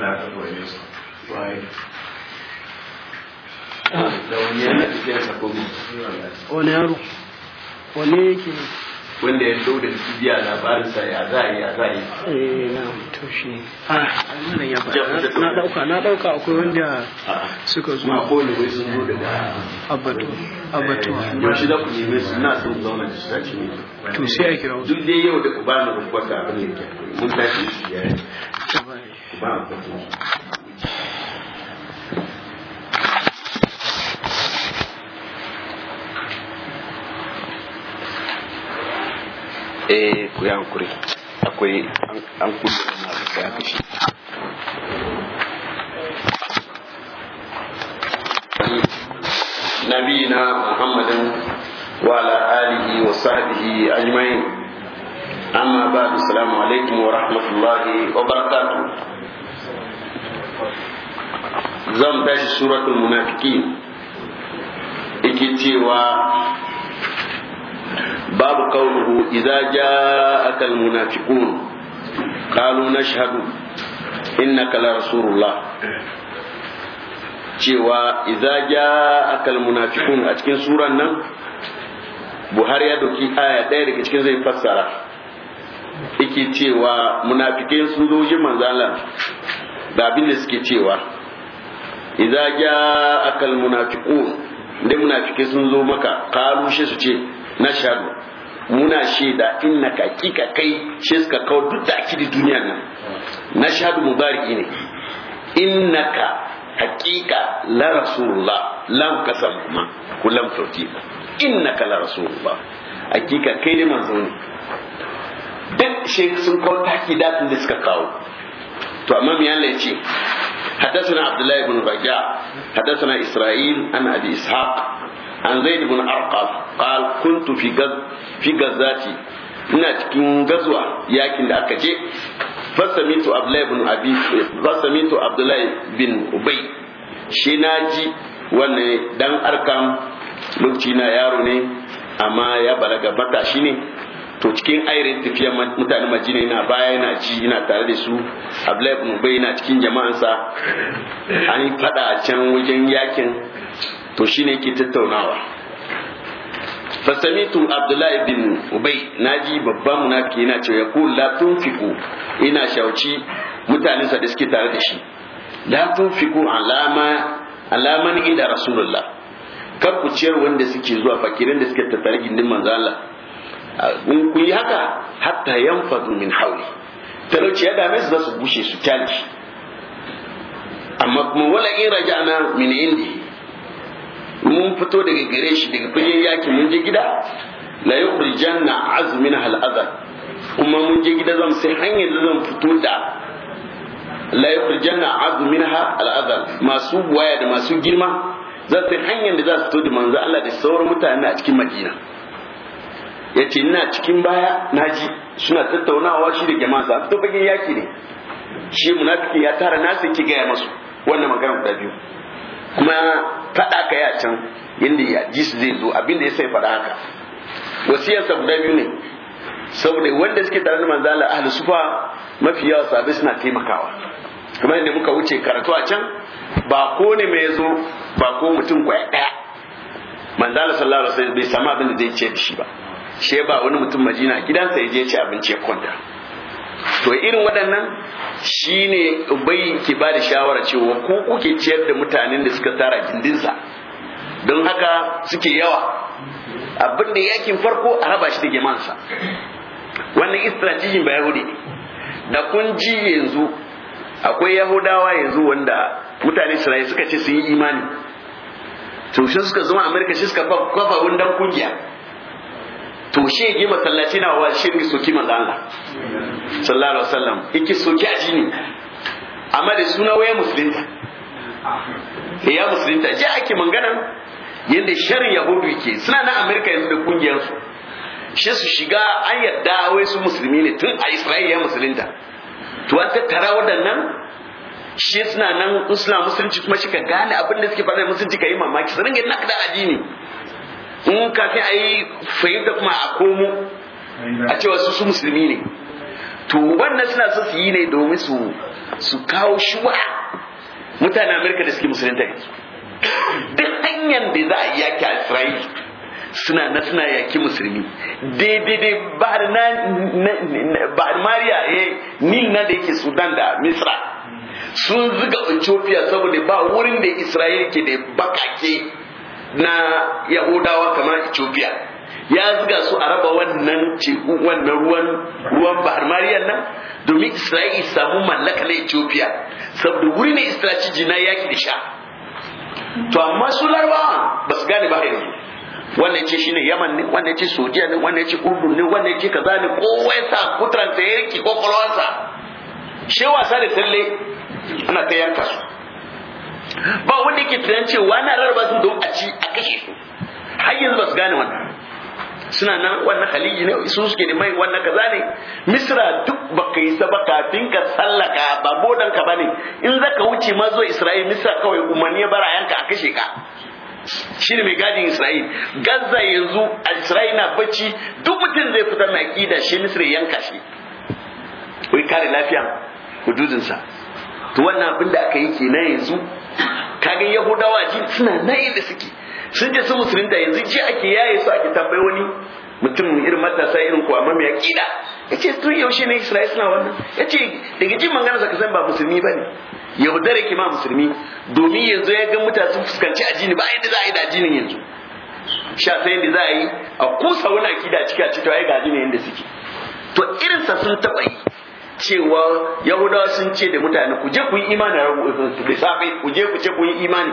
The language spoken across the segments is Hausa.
Allah ya kore wani yaro wani yake wanda ya dau da biya labarin ya za ya za eh na to shi a ah, wannan ya na na akwai wanda suka zo ma ko ne sun zo daga abatu abatu ba eh, shi da ku ne su na sun zauna da shi tashi ne to sai a kira duk dai yau da ku ba rubuta abin da ke mun tashi ya ba eh, a ku yi hankuri akwai an kudu na akwai aka shi muhammadin wa wa sahbihi amma alaikum wa rahmatullahi wa zan tashi suratul munafiki? yake cewa babu qawluhu idza ja'aka al munafiqun qalu nashhadu innaka la rasulullah cewa idza ja'aka al munafiqun a cikin suran nan Buhari ya doki aya ɗaya daga cikin zai fassara yake cewa munafikin sun zo yi manzala da abin da suke cewa idza ja'aka almunafiqun da munafiki sun zo maka qalu shi su ce nashhadu muna shaida innaka kika kai shi suka kawo duk da akidi duniya nan nashhadu mubariki ne innaka hakika la rasulullah lam kasamma kullam tawti innaka la rasulullah hakika kai ne manzo ne duk shi sun kawo takidatin da suka kawo to amma me Allah yace حدثنا عبد الله بن رجاء حدثنا إسرائيل عن أبي إسحاق عن زيد بن أرقم قال كنت في غز في غزاتي ina cikin gazuwa yakin da aka je fasamitu abdullahi bin abi fasamitu abdullahi bin ubay shi naji wannan dan arkam lokacina yaro ne amma ya balaga matashi ne to cikin airin tafiya mutane majina yana baya yana ci yana tare da su abdullahi ibn ubay yana cikin jama'ansa an fada a can wajen yakin to shine yake tattaunawa fasamitu abdullahi bin ubay naji babban munafiki yana cewa ya la tunfiqu ina shauci mutanen sa da suke tare da shi la fiko alama alaman inda rasulullah kar ku ciyar wanda suke zuwa fakirin da suke tattare gindin manzo Allah in kun yi haka hatta yanfadu min hauli talauci ya dame su za su bushe su kyale amma kuma wala in raja'na min indi mun fito daga gare shi daga fagen yaki mun je gida la yukhrijanna azmin hal adha kuma mun je gida zan sai hanyar da zan fito da la yukhrijanna azmin hal adha masu waya da masu girma za su hanyar da za su fito da manzo Allah da sauran mutane a cikin Madina ya ce ina cikin baya na ji suna tattaunawa shi da jama'ansa fito fagen yaki ne shi munafiki ya tara nasa ki gaya masu wannan magana guda biyu kuma faɗa ka ya can yadda ya ji su zai zo abin da ya sai faɗa haka wasiyarsa guda biyu ne saboda wanda suke tare da manzala ahli sufa mafi yawa sabai suna taimakawa kuma yadda muka wuce karatu a can ba ko ne mai zo ba ko mutum kwaya ɗaya manzala sallallahu alaihi wasallam bai samu abin da zai ce da shi ba she ba wani mutum majina gidansa ya je ci abinci ya kwanta to irin waɗannan shine bai ke ba da shawara cewa ko kuke ciyar da mutanen da suka tara gindinsa don haka suke yawa abin da yakin farko a raba shi da gemansa wannan istirajijin ba yahudi da kun ji yanzu akwai yahudawa yanzu wanda mutane isra'ila suka ce sun yi imani to shi suka zama amurka shi suka kafa wundan kungiya to shi ya masallaci na wa shi ne soki manzo Allah sallallahu alaihi wasallam yake soki ajini amma da suna waya musulunta ya musulunta je ake manganan yadda sharin yahudu yake suna na amerika yanzu da kungiyar su shi su shiga an yadda wai su musulmi ne tun a isra'ila ya musulunta to an tattara waɗannan shi suna nan suna musulunci kuma shi ka gane abin da suke faɗa musulunci ka yi mamaki su ringa nakda addini in kafin a yi fahimta kuma a komo a cewa su su musulmi ne to wannan suna so su yi ne domin su su kawo shuwa mutanen amurka da suke musulunta yanzu duk hanyar da za a yi yaki a isra'ila suna na suna yaki musulmi daidai da mariya ya eh, nil na da yake sudan da misra sun zuga ethiopia saboda ba wurin da isra'ila ke da bakake na yahudawa kamar ethiopia ya zuga su a raba wannan teku wannan ruwan ruwan bahar mariyan nan domin isra'ila samu mallaka na ethiopia saboda wuri ne isra'ila na yaki da sha to amma su larabawa ba su gane ba yanzu wannan ce shine yaman ne wannan ce saudiya ne wannan ce urdun ne wannan ce kaza ne kowa ya sa kutran ta yake kokolwansa shewa sa da talle ana ta yanka su ba wanda yake tunanin cewa na rarraba sun don a ci a kashe su har yanzu ba su gane wannan suna nan wannan haliji ne su suke da mai wannan kaza ne misra duk baka yi saba kafin ka sallaka ba bodan ka bane in zaka wuce ma zo isra'il misra kawai umarni bara yanka a kashe ka ne mai gadin isra'il gaza yanzu isra'il na bacci duk mutum zai fita mai kida shi misra yanka shi wai kare lafiya hududinsa to wannan abin da aka yi kenan yanzu kaga yahudawa ji suna nayi da suke sun je su da yanzu ji ake yaye su ake tambayi wani mutum irin matasa irin ko amma mai akida yace tun yaushe ne Isra'ila suna wannan yace daga jin magana sa kasan ba musulmi bane yahudar yake ma musulmi domin yanzu ya ga mutane sun fuskanci ajini ba yadda za a yi da ajinin yanzu sha sai yadda za a yi a kusa wani akida ciki a ciki to ai ga ajini yadda suke to irin sa sun taba yi cewa yahudawa sun ce da mutane ku je ku yi imani a rabu su da safe ku je ku ce ku yi imani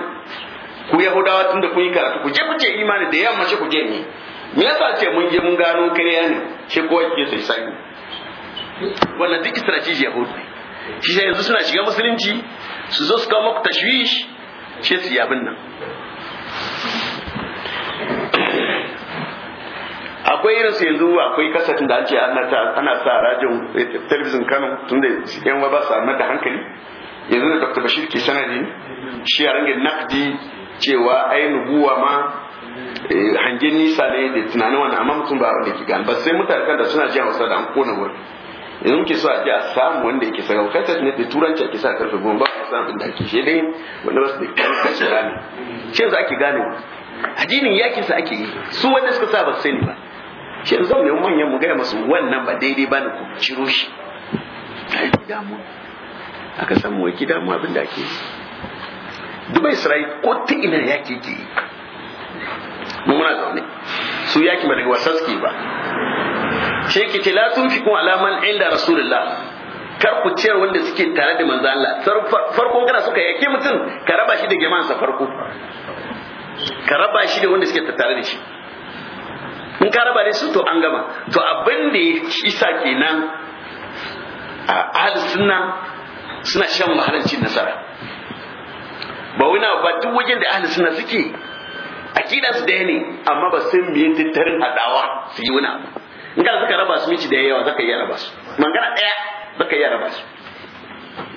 ku yahudawa tun da ku yi karatu ku je ku ce imani da yamma shi ku je ne me yasa ce mun je mun gano kariya ne shi kowa ke sai sani wannan duk strategy yahudu shi sai yanzu suna shiga musulunci su zo su kawo maku tashwish shi su yi abin nan akwai irin su yanzu akwai kasashen da an ce ana sa rajin eh, talabijin kano tun da yan ba su da hankali yanzu da dr bashir ke sanadi shi a rangin nakdi cewa ai nubuwa ma eh, hangen nisa ne da tunanin wani amma mutum ba wanda ke gani ba sai mutane kan da suna ji hausa da an kona wurin yanzu ke so a ji a samu wanda yake saka kasafin ne da turanci ake sa karfe goma ba a san abin da ake shi dai wanda ba su da kashe gane shi yanzu ake gane addinin yakin sa ake yi su wanda suka sa ba sani ba shi yanzu zan nemi manyan mu gaya masu wannan ba daidai ba ne ku ciro shi ai mu aka samu gida mu abin da ake yi duba isra'il ko ta ina ya ke yi mu muna zaune su yaki ba daga wasan suke ba shi ke ce la fi kuma alaman inda rasulullah kar ku ciyar wanda suke tare da manzo Allah farkon kana suka yake mutum ka raba shi da jama'ansa farko ka raba shi da wanda suke tare da shi in ka raba da su to an gama to abin da ya isa kenan a ahal sunna suna shan wahalar cin nasara ba wina ba duk wajen da ahal sunna suke akidan su daya ne amma ba sun biye tattarin hadawa su yi wani abu in ka suka raba su mici da yawa zaka iya raba su mangana daya zaka iya raba su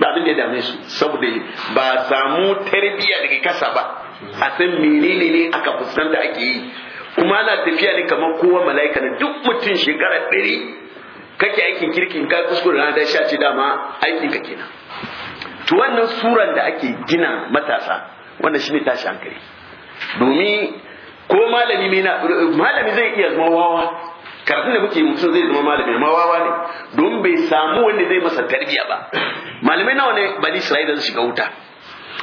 da abin da ya dame su saboda ba samu tarbiyya daga kasa ba a san menene ne aka fuskanta ake yi kuma ana tafiya ne kamar kowa mala'ika ne duk mutum shekara ɗari kake aikin kirkin ka kuskure rana da sha ce dama aikin ka kenan to wannan suran da ake gina matasa wannan shine tashi hankali domin ko malami mai na malami zai iya zama wawa karatun da muke mutum zai zama malami ma wawa ne don bai samu wanda zai masa tarbiya ba malamai nawa ne bani isra'ila zai shiga wuta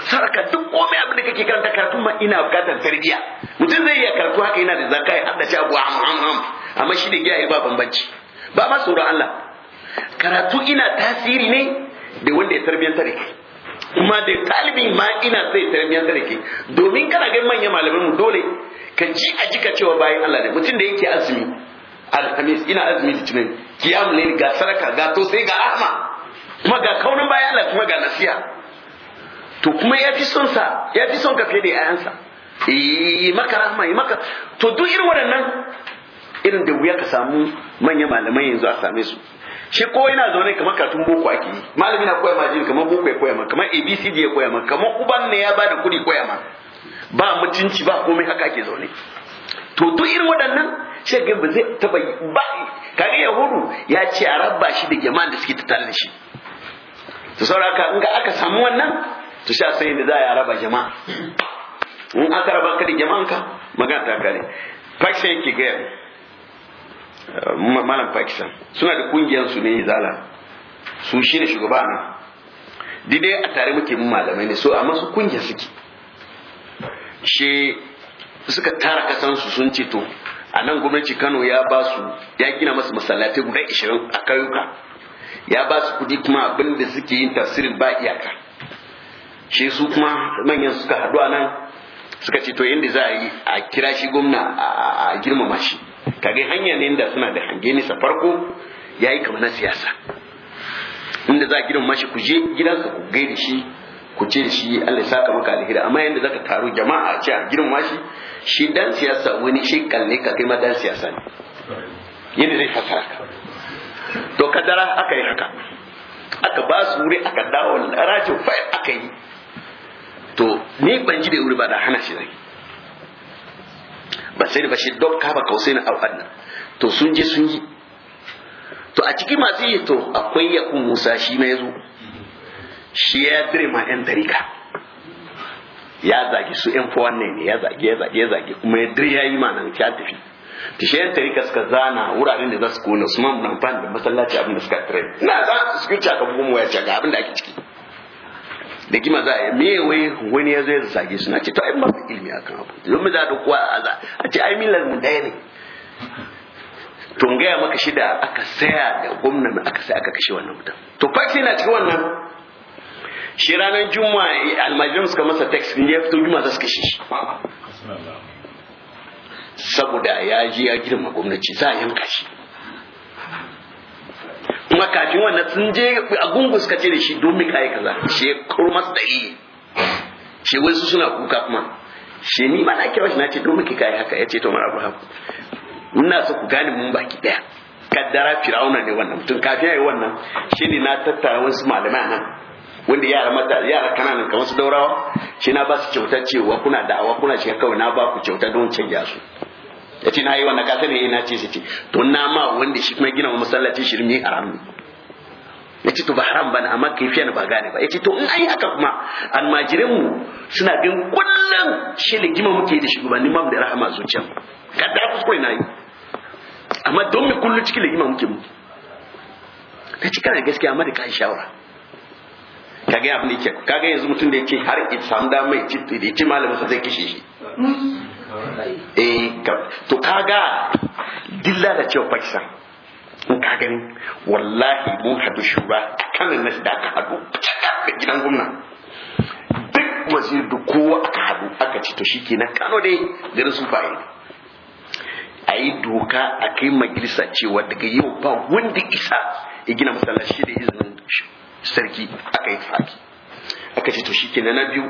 sarka duk komai abin da kake karanta karatu ma ina bukatar tarbiya mutum zai iya karatu haka yana da zakai Allah ce abu am am am amma shi da giya ba bambanci ba ma tsoron Allah karatu ina tasiri ne da wanda ya tarbiyanta da kai kuma da talibi ma ina zai tarbiyanta da kai domin kana ga manyan malaman mu dole ka ji a jika cewa bayan Allah ne mutum da yake azumi alhamis ina azumi litinin kiyamu ne ga saraka ga to sai ga ahma kuma ga kaunin bayan Allah kuma ga nasiha to kuma ya fi son sa ya fi son ka fiye da yayansa yi eh, maka rahama yi eh, maka to duk irin waɗannan irin da wuya ka samu manya malamai yanzu a same su shi ko yana zaune kamar katun boko ake yi malami na koya ma jin kamar boko ya koya ma kamar abcd ya koya ma kamar uban ne ya bada kuɗi koya ma ba mutunci ba komai haka ake zaune to duk irin waɗannan sai ga ba zai taba ba kage yahudu ya ce a rabba shi da jama'an da suke tattalin shi to saboda haka in ga aka samu wannan to sha sai da za a raba jama'a in aka raba ka da jama'anka magana ta kare pakistan yake gaya malam pakistan suna da kungiyarsu ne zala su shi ne shugaba na. didai a tare muke mun malamai ne so amma su kungiya suke shi suka tara kasansu sun ce to a nan gwamnati kano ya ba su ya gina masu masallatai guda 20 a kayuka ya ba su kudi kuma abin da suke yin tafsirin ba iyaka shi su kuma manyan suka haɗu a nan suka ce to inda za a yi a kira shi gwamna a girmama shi kage hanya ne inda suna da hange nisa farko ya yi kama na siyasa inda za a girmama shi ku je gidansa ku gaida shi ku ce da shi Allah ya saka maka alheri amma yanda zaka taru jama'a a ce a girmama shi shi dan siyasa wani shi kalle ka kai ma dan siyasa ne yadda zai fasara ka to kadara aka yi haka aka ba su wuri aka dawo rajin fayil aka yi to ni ban ji da wuri ba da hana shi zai ba sai da bashi dok ka sai na au'ad to sun je sun yi to a cikin masu yi to akwai kun musa shi mai zo shi ya dire ma yan dariƙa ya zagi su yan fa ne ne ya zagi ya zagi ya zagi kuma ya dire ya yi ma nan ya tafi tishayen tarika suka zana wuraren da za su kone su man da masallaci abin da suka tare na za su kuce ka bugun waya ce ga abin da ake ciki da kima za a me wai wani ya zo ya zage su na ce to ai ba ilimi akan abu don mu za da kuwa a za a ce ai milar mu daya ne to gaya maka shi da aka saya da gwamnan aka sai aka kashe wannan mutum to fax na cikin wannan shi ranar juma'a almajirin suka masa text din ya fito juma'a za su kashe shi saboda ya ji ya girma gwamnati za a yanka shi kuma kafin wannan sun je a gungun suka ce da shi domin kayi kaza shi masu dalili shi wasu suna kuka kuma shi ni ba na kira shi na ce domin kayi haka ya ce to mara abraham ina so ku gane mun baki daya kaddara fir'auna ne wannan mutum kafin yayi wannan ne na tattara wasu malamai nan wanda yara mata yara kananan kamar su daurawa shi na ba su kyauta cewa kuna da'awa kuna shiga kawai na ba ku kyauta don canja su yace na yi wannan kasar ne eh, na ce su ce to na ma wanda shi kuma gina masallaci shirme haram ne to ba haram bane amma kaifiya na ba gane ba yace to in an yi haka kuma almajiran mu suna bin kullun shi gima muke da shugabannin ma da rahama zuciya kada ku na yi amma don me kullu cikin gima muke muke ta ci kana gaskiya amma da kai shawara kaga abin da yake kaga yanzu mutum da yake har samu dama mai ci da ya malamin sa zai kishi shi Eh, to kaga dilla da cewa pakistan in ka gani wallahi mun hadu shura kan na da aka hadu da gidan gumna duk wazir da kowa aka hadu aka ci to shi ke na kano dai garin sun fa'i a yi doka a kai majalisa cewa daga yau ba wanda isa ya gina masallaci da izinin sarki aka yi faki aka ce to shi ke na biyu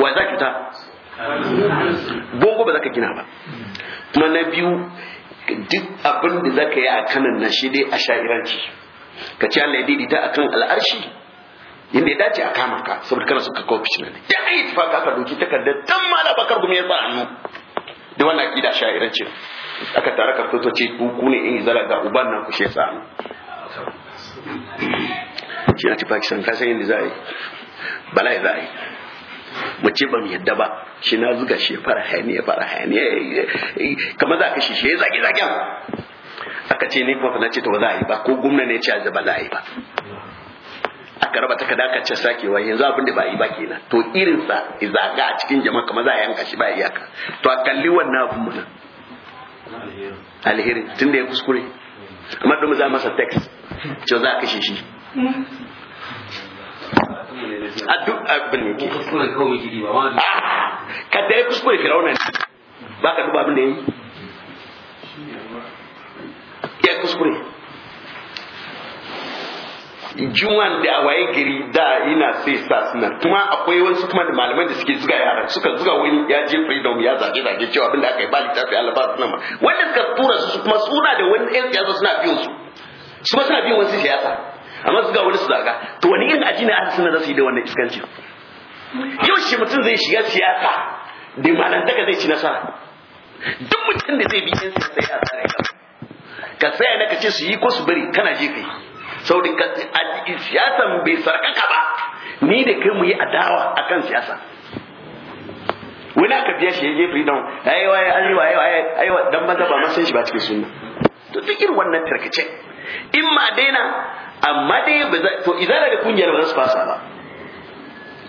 wa za ki ta gogo ba za ka gina ba kuma na biyu duk abin da za ka yi a kanan na shi dai a sha'iranci ka ci Allah ya daidaita a kan al'arshi inda ya dace a kama ka saboda kana suka kawo fitina ne da ai tufa ka doki takardar dan na bakar gumi ya sa hannu da wannan akida sha'iranci aka tare ka fito ce ku ne in zara ga uban nan ku shi sa hannu shi na ci Pakistan ka san yadda za a yi bala ya za a yi mu ce ba mu yadda ba shi na zuga shi fara hayaniya fara hayaniya kamar za ka shi shi zage zagen aka ce ni kuma na ce ta ba za a yi ba ko gumna ne ce a ba za a yi ba aka raba kada aka ce wa yanzu abin da ba yi ba kenan to irin sa izaga a cikin jama'a kamar za a yanka shi ba iyaka to a kalli wannan abin mana alheri tunda ya kuskure amma don za masa text ce za a kashe shi a duk abin yake ya kuskure firauna ne ba ka duba abin da Yi ya kuskure juwan da a waye gari da ina sai sa suna kuma akwai wasu kuma da malaman da suke zuga yara suka zuga wani ya je freedom ya zage zage cewa abin da aka yi ba littafi Allah ba suna ma wanda suka tura su kuma suna da wani ɗan siyasa suna biyo su su ma suna biyo wani siyasa amma suka wani su zaga to wani irin aji ne aka suna da su yi da wannan iskancin yau shi mutum zai shiga siyasa da malantaka zai ci nasara duk mutum da zai bi yan siyasa ya tsara ya ka tsaya na ka ce su yi ko su bari kana je kai saboda siyasan bai sarkaka ba ni da kai mu yi adawa kan siyasa wani aka biya shi ya je freedom ai waye ai ayewa dan maza ba ma san shi ba cikin sunna to duk irin wannan tarkace in ma daina amma dai to idan da kungiyar ba za su fasa ba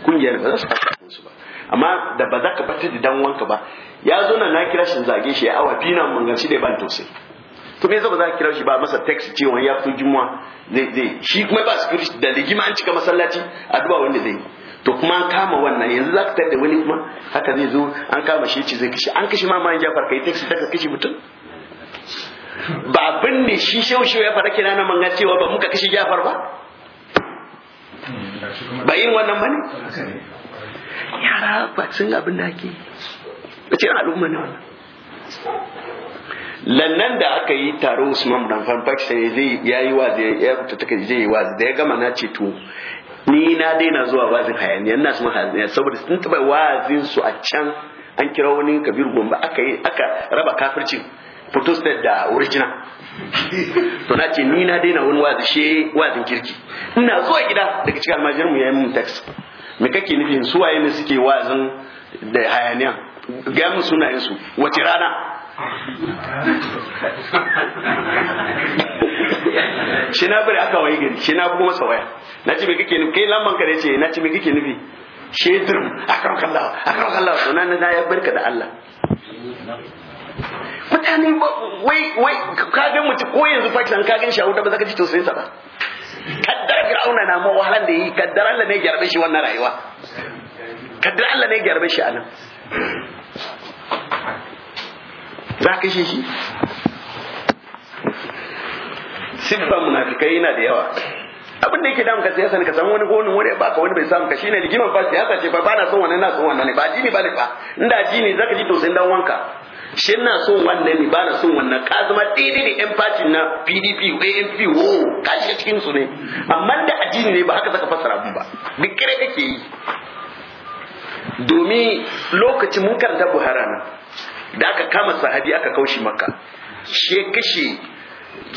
kungiyar da za su fasa su ba amma da ba za ka bata da danwanka ba ya zo na na kira shi zage shi awa biyu na mun gaci da ban tausayi to me zaba za ka kira shi ba masa text cewa ya fito juma'a zai zai shi kuma ba security da ligima an cika masallaci addu'a wanda zai to kuma an kama wannan yanzu za ka tar da wani kuma haka zai zo an kama shi ce zai kashi an kashi ma ma jafar kai text ta kashi mutum ba abin ne shi shaushe ya fara kira na manga cewa ba muka kashi jafar ba ba yin wannan ba ne yara ba sun abin da ake ce al'umma ne wannan lannan da aka yi taro usman dan fanfax sai ya yi wazi ya fita take zai yi wazi da ya gama na ce to ni na daina zuwa wazin hayaniya na su hayaniya saboda sun taba wazin su a can an kira wani kabir gombe aka yi aka raba kafircin fito state da original to na ce ni na daina wani wazi she wazin kirki ina zuwa gida daga cikin almajirin mu yayin mun tax me kake nufin su waye ne suke wazin da hayaniya ga mu sunayen su wace rana shi na bari aka waye gari shi na kuma masa waya na ce me kake nufi kai lamban ka ce na ce me kake nufi shedir akan kallawa akan kallawa sunan nan na ya barka da Allah mutane wai wai ka ga mutu ko yanzu Pakistan ka gan shi a wuta ba za ka ji tausayin sa ba kaddara Fir'auna na ma wahalan da yi kaddara Allah ne ya gyarbe shi wannan rayuwa kaddara Allah ne ya gyarbe shi anan za ka shi shi siffar munafikai yana da yawa abin da yake damu ka siyasa ne ka samu wani gonin wani ba ka wani bai samu ka shine rigimar fa siyasa ce ba na son wannan na son wannan ne ba jini ba ne fa inda jini zaka ji tausayin dan wanka shi na son wannan ne ba na son wannan ka zama daidai da yan facin na pdp amp wo ka shiga cikin su ne amma da addini ne ba haka zaka fassara abun ba duk kare kake yi domin lokacin mun karanta buhara nan da aka kama sahabi aka kaushi maka shi kashe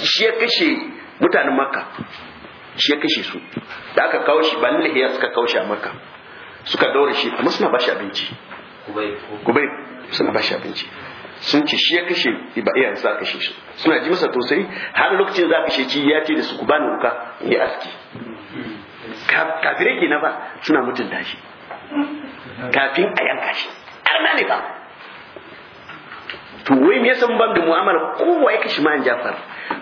shi kashe mutanen maka shi kashe su da aka kaushi, shi ban lahiya suka kaushe a maka suka daure shi amma suna bashi abinci kubai suna bashi abinci sun ce shi ya kashe iyayen sa kashe shi suna ji masa tosai har lokacin za kashe ci ya ce da su ku bani wuka ya aski kafirai ke na ba suna mutunta shi kafin a yanka shi na ne ba to wai me yasa ban da mu'amala kowa ya kashe ma'an jafar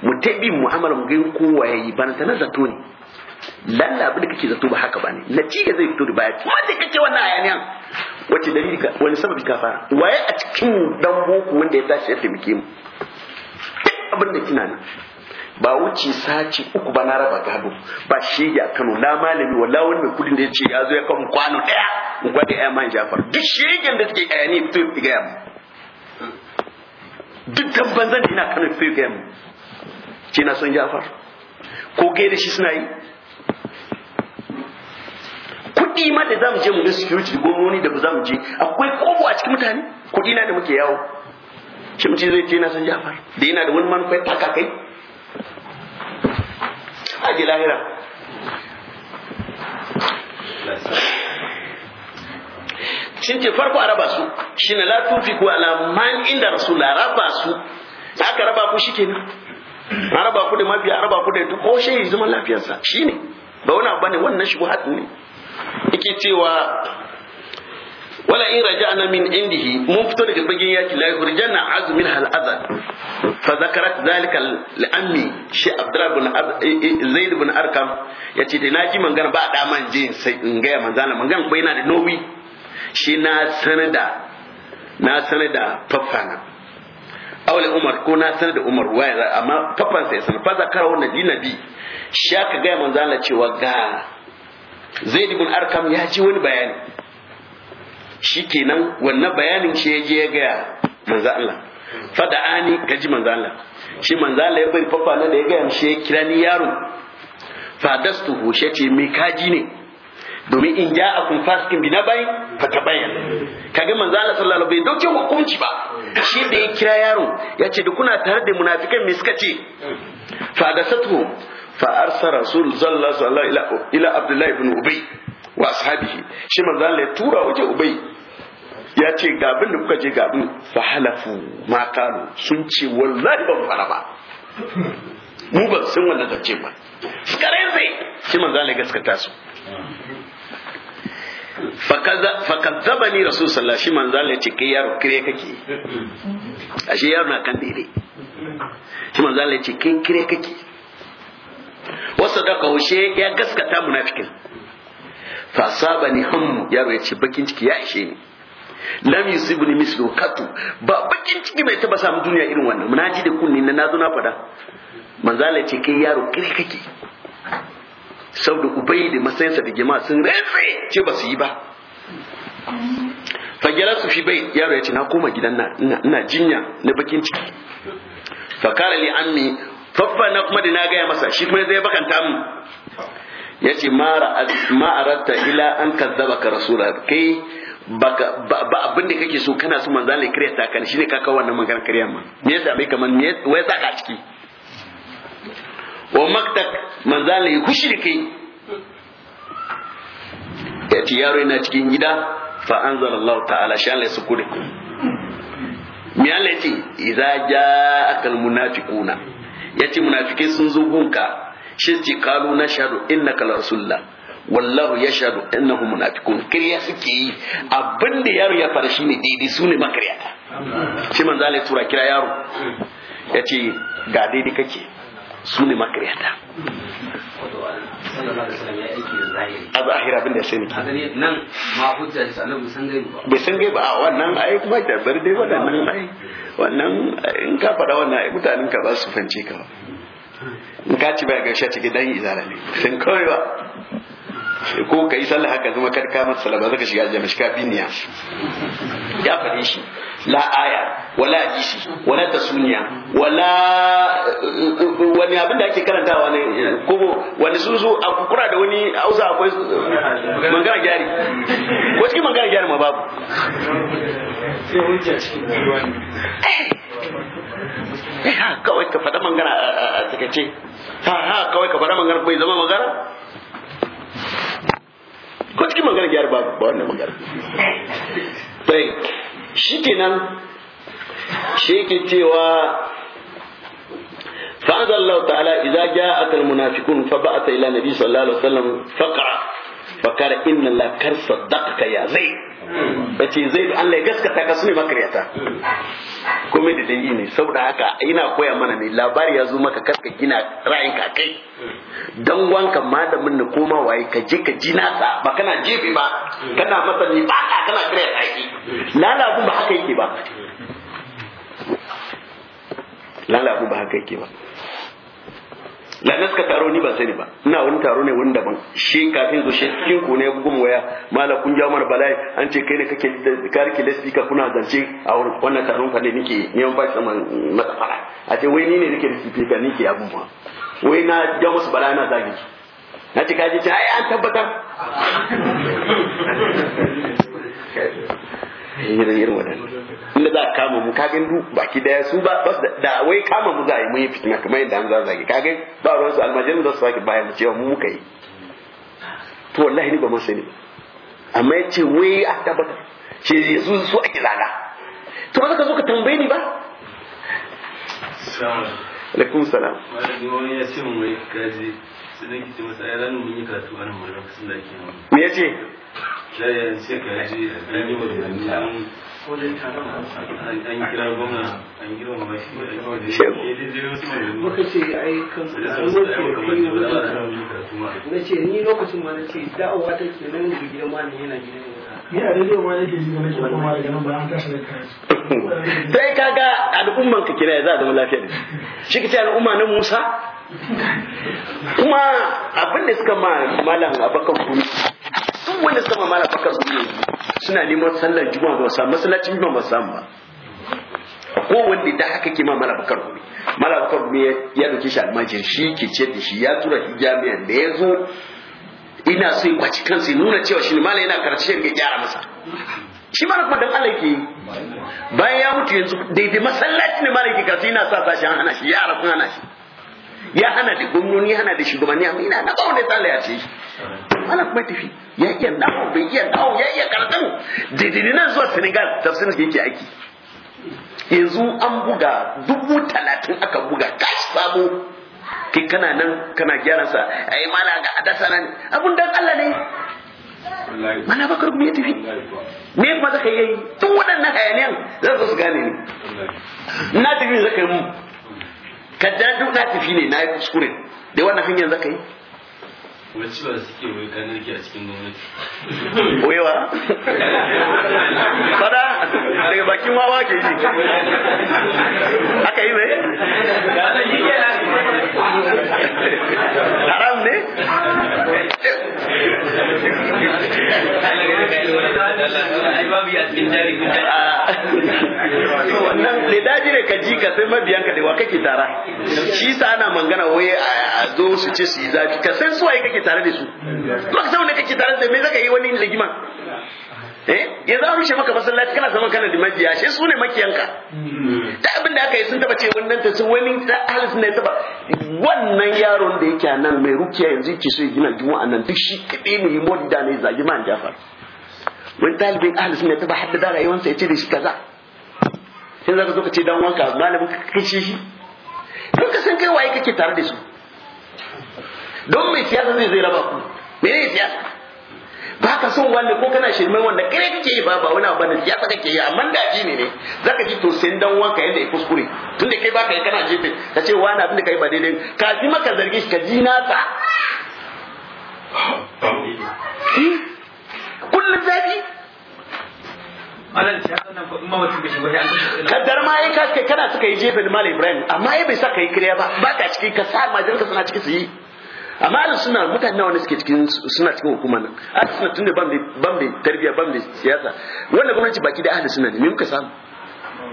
mu tabi mu'amala mu ga kowa yayi yi bana ta na zato ne lalla abin da kake zato ba haka bane natija zai fito da baya kuma sai kace wannan ayaniyan wace dalili ka wani sababi ka fara waye a cikin dan boko wanda ya tashi yadda muke mu abin da kina ne ba wuce saci uku ba na raba gado ba shi a Kano na malami wala mai kudin da yace ya zo ya kan kwano daya in gwada ya man Jafar duk shegen da suke ayani fito ya ga mu duk tabban zan ina Kano fito ya ga mu kina son Jafar ko gaida shi suna yi kuɗi ma da zamu je mu ga security gwamnoni da zamu je akwai kobo a cikin mutane kudi na da muke yawo shi mutum zai ce na san jafar da yana da wani manufa ya taka kai a ji lahira cince farko a raba su shi na latufi ko alaman inda rasul a raba su aka raba ku shi kenan a raba ku da mafi a raba ku da ko shi zaman lafiyarsa shi ne ba wani abu ne wannan shigo hatsi ne yake cewa wala in raja'na min indihi mun fito daga bagin yaki la yurjana azmin hal azad fa zakarat zalika li ammi shi abdullah bin eh, eh, zaid bin arkam yace dai na ji mangana ba da man je sai in ga manzana mangan ko ina da nowi shi na sanada na sanada fafana aule umar ko na sanada da umar waya amma fafan sai sanada fa zakara wannan dinabi shi aka ga manzana cewa ga zaid ibn arkam ya ji wani bayani Shi kenan wannan bayanin shi ya je ya gaya manzo Allah fada'ani gaji manzo Allah shi manzo Allah ya bari fafa na da ya gaya shi ya kira ni yaro fadastu hushe ce me kaji ne domin in ja a kun fasikin bi na bai ta bayan kaga manzo Allah sallallahu alaihi wasallam bai dauke hukunci ba shi da ya kira yaro ya ce da kuna tare da munafikan me suka ce tuho. فأرسل رسول صلى الله عليه وسلم إلى عبد الله بن أبي وأصحابه شي من ذلك تورا وجه ya ce ga da kuka je ga fa halafu ma kanu sun ban fara ba mu ban san wannan zance ba kare zai shi manzo Allah gaskata su fakazzabani rasul sallallahu shi manzo Allah ce kai yaro kire kake ashe yaro na kan daidai shi manzo Allah ce kire kake sadaka ushe ya gaskata munafikin fa asabani hum yaro yace bakin ciki ya ishe ni lam yusibni mislu katu ba bakin ciki bai taba samu duniya irin wannan muna ji da kunni na nazo na fada manzala ce kai yaro kire kake saboda ubai da masayansa da jama'a sun refe ce ba su yi ba fagela su fi bai yaro ya ce na koma gidan na ina jinya na bakin ciki fakara li ammi babba na kuma da na gaya masa shi kuma zai bakanta mu ya ce ma'aratta ila an kazzaba ka rasula kai ba abin da kake so kana so manzan lai kariya ta shi shine ka kawo wannan magana kariya ma me yasa bai kaman wai sa ka ciki wa maktak manzan ya kushi da kai ya ce yaro yana cikin gida fa anzalallahu ta'ala shi Allah ya suku da ku me Allah ya ce idza ja'akal munafiquna ya ce munafike sun zo gunka shi ce kalu na shahadu inna la rasulla wallahu inna hu munafikun kirya suke yi abinda yaro ya fara shi ne daidai su ne makaryata shi manzo Allah tura kira yaro ce ga daidai kake sune makaryata a zahira abin da sai nake nan ma hujjar sa annabi san gai ba bai san gai ba wannan kuma da bar dai wadannan ai wannan in ka faɗa wannan mutanen ka za su fance ka in ka ci baya gaishe cikin dan izara ne sun kawai ba ko ka yi sallah haka zama karka masa sallah ba zaka shiga aljanna shi ka biniya ya faɗi shi la aya wala hadisi wala tasuniya wala wani abin da ake karantawa ne ko wani su a kura da wani hausa akwai magana gyari ko cikin magana gyari ma babu ha kawai ka faɗa magana a takaice ha ha kawai ka faɗa magana bai zama magana ko cikin magana gyari babu ba wannan magana shikenan shi yake cewa fa'adallahu ta'ala idza ja'a al munafiqun fa ba'atha ila nabi sallallahu alaihi wasallam faqa fakar inna la kar saddaqaka ya zai bace hmm. zai Allah ya gaskata ka sunai makariyata hmm. komai da dangi ne saboda haka ina koya mana ne labari ya zo maka karka gina ra'ayin ka kai dan wanka malamin ne koma waye ka je ka ji nasa ba kana jefe ba kana masa ni ba kana kira tsaki lalabun ba haka yake ba lalabun ba haka yake ba lana suka taro ni ba sani ba ina wani taro ne wani daban shi kafin zo shi cikin ku ne ya waya mala kun jawo mana bala'i an ce kai ne kake karki lesbi ka kuna zance a wannan taron fa ne nake neman ba sama masa fara a ce wai ni ne nake risifi ka nake abun ma wai na jawo musu bala'i na zagi na ce kaje ce ai an tabbatar hira irin waɗannan inda za a kama mu kagan du baki daya su ba da wai kama mu za a yi mun yi fitina kamar yadda an zage kagan ba ruwan su almajirin za su sake bayan mu cewa mu muka yi to wallahi ni ba mun sani amma ya ce wai a tabbata ce yanzu su ake lada to ba za ka zo ka tambaye ni ba alaikum salam wani ya ce mun wai kaji sai ki ce masa ai ranar mun yi karatu a nan mun lokacin da ake nan me yace ya ce? ka ya ce? yi wannan an kira gwamna an kira ma shi an ya da shi da jirin su muka ce ai kan da na ce ni lokacin ma na ce da'awa ce? nan gidan ma ne yana gidan sai kaga al'umman ka kira ya za a zama lafiya da shi kace al'umma na Musa kuma abin da suka ma malam abakan kuni. duk wanda suka ma malam abakan kuni suna neman sallar Juma ba samu masallacin juma ba samu ba ko wanda da haka ke ma malam abakan kuma malam abakan kuni ya dauke shi almajin shi ke ce da shi ya tura shi jami'an da ya zo ina so ya kwaci kansa ya nuna cewa shi ne malam yana karshe ya gyara masa shi ma kuma dan Allah ke bayan ya mutu yanzu daidai masallaci ne mala ke karshe ina sa sashi an hana shi ya kun hana shi ya hana da gwamnoni hana da shugabanni amma ina na bawa da Allah ya ce shi mala kuma tafi ya iya dawo bai iya dawo ya iya karatun daidai nan zuwa Senegal tafsirin da yake aiki yanzu an buga dubu talatin aka buga kashi sabo kai kana nan kana gyara sa ai mala ga adasa nan abun dan Allah ne mana bakar me tafi me kuma zaka yi tun wadannan hayaniyan za su gane ni na tafi zaka yi mu ka da duk na tafi ne na yi kuskure da wannan hanyar zaka yi wai ciwa da suke wai kanarki a cikin gwamnati waiwa fada daga bakin wawa ke ji aka yi mai haram ne wannan da daji ne ka ji ka sai mabiyan ka da wa kake tara shi sa ana mangana waye a zo su ce su yi zafi ka san suwaye kake tare da su ba ka san wanda kake tare da me zaka yi wani rigima? eh ya za mu shi maka masallaci kana zaman kana da mabiya shi su ne makiyanka ta hmm. abin da aka yi sun taba ce wannan ta sun wani ahalis ne taba wannan yaron da yake nan mai rukiya yanzu yake so ya gina juma'a nan duk shi kadai ne yi da ne zagi man jafar wani talibin ahalis ne taba da rayuwarsa ya ce da shi kaza sai zaka zo ka ce dan wanka malamin ka kace shi duk ka san kai waye kake tare da su don mai siyasa zai zai raba ku menene siyasa ba ka son wanda ko kana shirmen wanda kare kake yi ba ba wani abu da ya saka ke yi amma da ji ne ne zaka ji to sai dan wanka yanda ya kuskure tunda kai ka yi kana jefe ka ce wani abin da kai ba daidai ka ji maka zargi ka ji ta. kullum zafi kaddar ma ya kaske kana suka yi jefe da malam ibrahim amma ya bai sa ka yi kiriya ba ba ka cikin ka sa majalisa suna ciki su yi amma ahlus suna mutane wani suke cikin suna cikin hukuma nan ahlus suna tunda bambe ban da tarbiya siyasa wannan gwamnati baki da ahlus suna ne me muka samu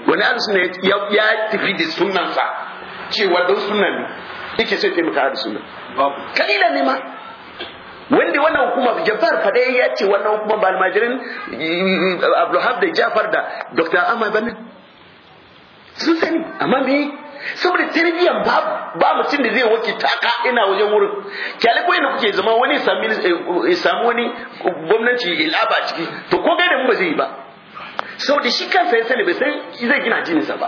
wani ahlus suna ya tafi da sunnan sa cewa don sunna ne yake sai taimaka ahlus suna kalila ne ma wanda wannan hukuma Jafar fa dai ya ce wannan hukuma ba almajirin Abdulhab da Jafar da Dr. Ahmad Bani sun sani amma me saboda tarbiyyar ba ba mutum da zai wace taka ina wajen wurin kyale ko ina kuke zama wani eh, samu wani gwamnati ilaba ciki to ko gaida mu ba zai yi ba saboda shi kansa ya sani bai san zai gina jinsa ba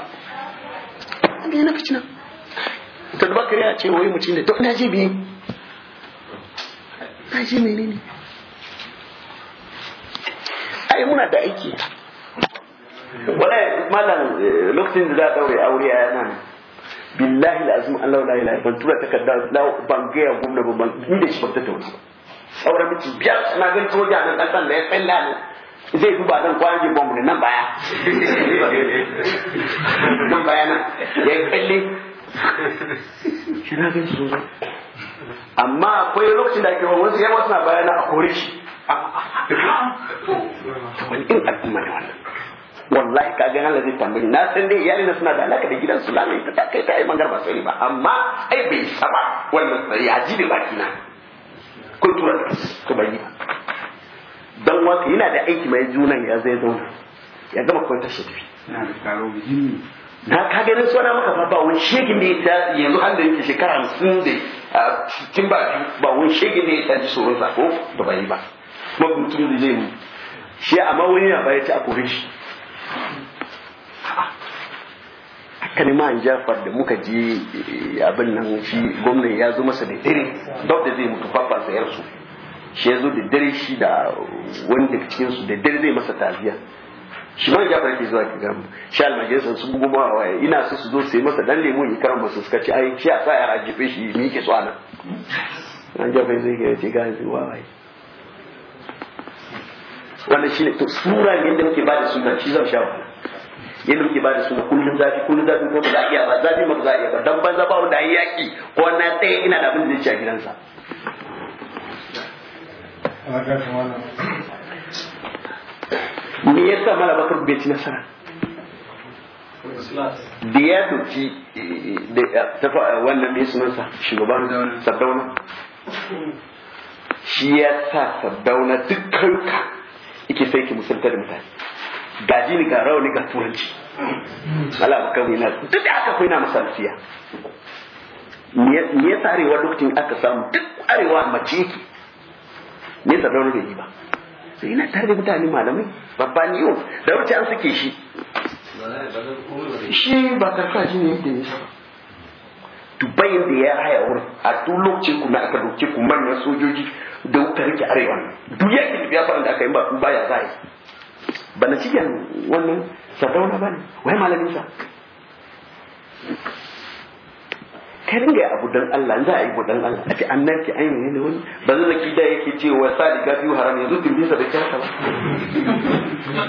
an ga yana fitina ta duba kare a ce wai mutum da to na je biyu na je menene ai muna da aiki wala malam eh, lokacin da za a daure aure a yana billahi alazim Allah la ilaha ban tura takarda ban ga ya gumna ba ban ni da shi ba ta tauna sauran miki biyar na ga soja nan dan sanda ya tsalla ne zai duba dan kwanan ji bombu ne nan baya nan baya nan ya kalle shi na ga su amma akwai lokacin da ake wasu yawa suna bayana a kore shi in al'umma ne wannan wallahi ka ga Allah zai tambayi, na san dai iyalina na suna da alaka da gidan su lalai ta kai ta yi mangar ba sai ba amma ai bai saba wannan ya ji da baki na kultura to bai yi dan wata yana da aiki mai junan ya zai zo ya gama kwanta shi tafi na ka nan suna maka fa ba wani shegin da ya yanzu har da yake shekara 50 da cikin ba ba wani shegin da ya ji tsoron sako da bai ba mutum da zai yi shi amma wani ya bayar a kore shi haka ne ma'an jafar da muka je eh, abin nan shi gwamnan ya zo masa da dare dab da zai mutu babban sayar su shi ya zo da dare shi da wani daga cikin su da dare zai masa taziya shi ma jafar ke zuwa ki gamu shi almajirin sun bugu a waya ina su su zo sai masa dan lemo ya karan masu suka ce ai shi a sa ya rajife shi mi ke so anan an jafar zai ga ya ce gazi wawaye wannan shine to sura ne yadda muke bada suna shi zan sha yadda muke bada suna kullun zafi kullun zafi ko ba za a iya ba zafi ba za a iya ba dan banza ba wanda yi yaki ko na tsaye ina da abin da zai ci a gidansa me yasa mala bakar bai ci nasara da ya doki da eh, wannan mai sunansa shugaban sardauna shi ya sa sardauna duk karka ike sai ki musulta da mutane gaji jini ga rauni ga turanci Allah ba mu na duk da aka kuna masalfiya me yasa arewa lokacin aka samu duk arewa mace ki me yasa rauni bai yi ba sai ina tare da mutane malamai babbani yau da wuce an suke shi shi ba karfa shi ne ne ya dubayin da ya haya wurin a duk lokacin ku na aka dauke ku manyan sojoji da wuka rike arewa duk yakin da biyafaran da aka yi ba ku baya za yi ba na cikin wannan sadauna ba ne wai malamin sa karin ga abu dan Allah za a yi dan Allah a ce an narke an yi ne wani ba zai zaki da yake wa sadi ga biyu haram yanzu tun bisa da kyasa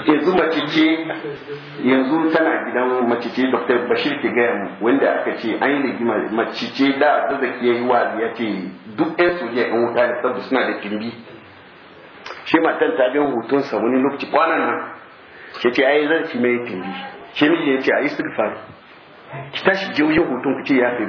yanzu mace ce yanzu tana gidan mace ce Dr. Bashir ke gaya mu wanda aka ce an yi rigima mace ce da za zaki yi wa ya ce duk ɗan sojiya ɗan wuta da sabu suna da kimbi shi matan ta ga hoton sa wani lokaci kwanan nan ke ce ai zan ci mai kimbi shi ne ya ce ai istighfar ki tashi je wajen hoton ku ce ya fi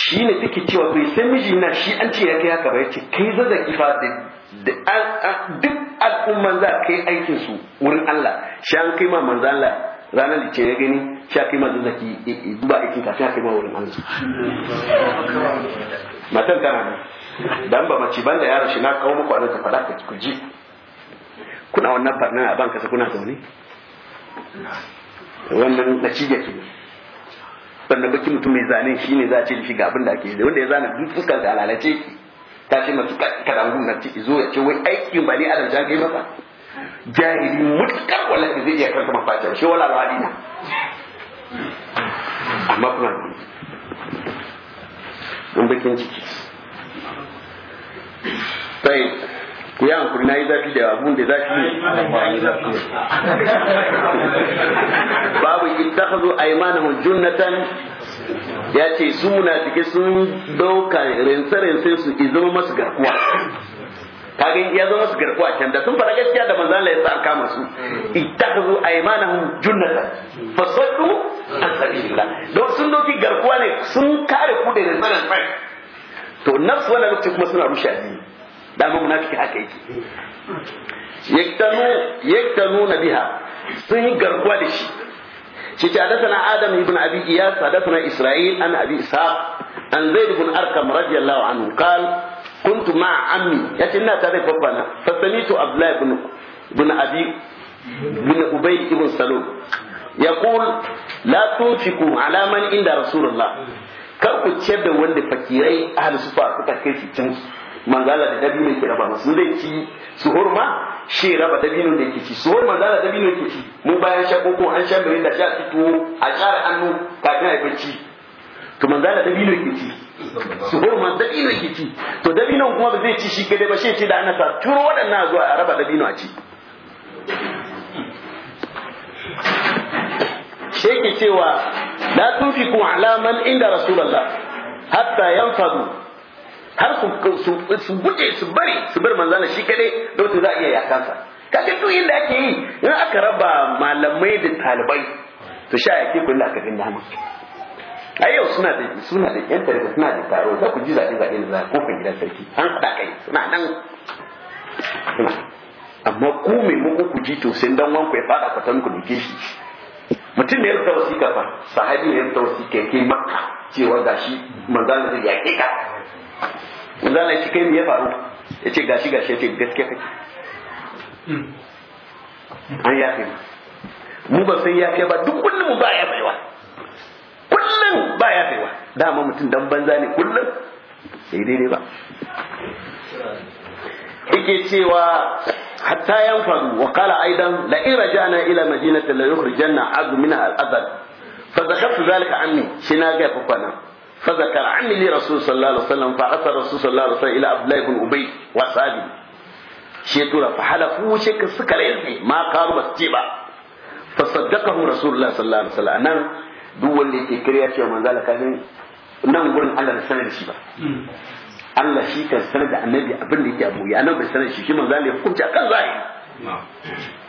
shi ne take cewa bai sai miji na shi an ce ya kai haka ba ya ce kai zaza kifa da duk al'umman za kai aikin su wurin Allah shi an kai ma manzo Allah ranar da ce ya gani shi a kai ma zazzaki duba aikin shi a kai ma wurin Allah matan tana nan dan ba mace banda yaro shi na kawo muku a nan ka faɗa ka ku ji kuna wannan farnan a banka sai kuna zaune wannan natija ke wanda baki mutum mai zane shi ne za a ce shi ga abin da ake da wanda ya zana duk fuskar da lalace ta ce masu karangun na ciki zo ya ce wai aiki ba ne adam ja kai masa jahili mutukar wala da zai iya karka mafajar shi wala alwadi na amma kuma don bakin ciki طيب ku yi hankuri na yi zafi da abun da zafi ne babu yi a mana hujjun na tan ya ce su munafike sun dauka rinsa-rinsa su zama masu garkuwa kagin ya zama masu garkuwa can da sun fara gaskiya da manzan Allah ya sa kama su yi a ittakhadhu aymanahum junnatan fasaddu an sabilillah don sun dauki garkuwa ne sun kare ku da rinsa-rinsa to nafsu wani lokaci kuma suna rushe addini dama munafiki haka yake yaktanu yaktanu biha sun yi garkuwa da shi shi ce hadathana adam ibn abi iyas hadathana isra'il an abi isa an zaid ibn arkam radiyallahu anhu qal kuntu ma ammi yace ina tare da fa fasamitu abdullah ibn ibn abi ibn ubay ibn salul yaqul la tunfiqu ala man inda rasulullah kar ku ciyar da wanda fakirai ahli sufa suka kai shi can su manzala da dabino ke raba masu zai ci su ma shi raba dabino da yake ci suhur manzala dabino yake ci mu bayan sha koko an sha mere da sha fito a tsara hannu kafin a bacci to manzala dabino yake ci suhur ma dabino yake ci to dabino kuma ba zai ci shi kadai ba shi ce da ana sa turo waɗannan zuwa a raba dabino a ci shi ke cewa la tunfiku ala man inda rasulullah hatta yanfadu har su su guje su bari su bar manzana shi kadai don su za a iya yakansa kaga duk inda ake yi in aka raba malamai da talibai to sha yake kullu aka bin dama a yau suna da suna da yan tarihi suna da taro za ku ji zaɓe zaɓe da za kofin gidan sarki an haɗa kai suna nan amma ku mai muku ku ji to sai dan wanku ya fada kwatan ku duke shi mutum ne ya rubuta kafa, fa sahabi ne ya rubuta kai makka cewa gashi manzana zai yaƙe ka manzo Allah ya ce kai me ya faru ya ce gashi gashi ya ce gaskiya kake hmm. an ya kai mu ba sai ya kai ba duk kullum ba ya baiwa kullum ba ya baiwa dama mutum dan banza ne kullum sai daidai ba yake cewa hatta yanfadu wa qala aidan la ira jana ila madinati la yukhrijanna abdu minha al-azab fa zakartu dhalika anni shi na ga fa فذكر عني لرسول صلى الله عليه وسلم فأتى الرسول صلى الله عليه وسلم إلى عبد الله بن أبي وأصحابه شيء ترى فحلفوا شيء سكر يزني ما قالوا بس فصدقه رسول الله صلى الله عليه وسلم أنا دول اللي تكريا شيء من ذلك nan gurin Allah bai sanar da shi ba Allah shi kan sanar da annabi abin da yake abu ya nan bai sanar da shi shi manzo Allah ya hukunci akan zahiri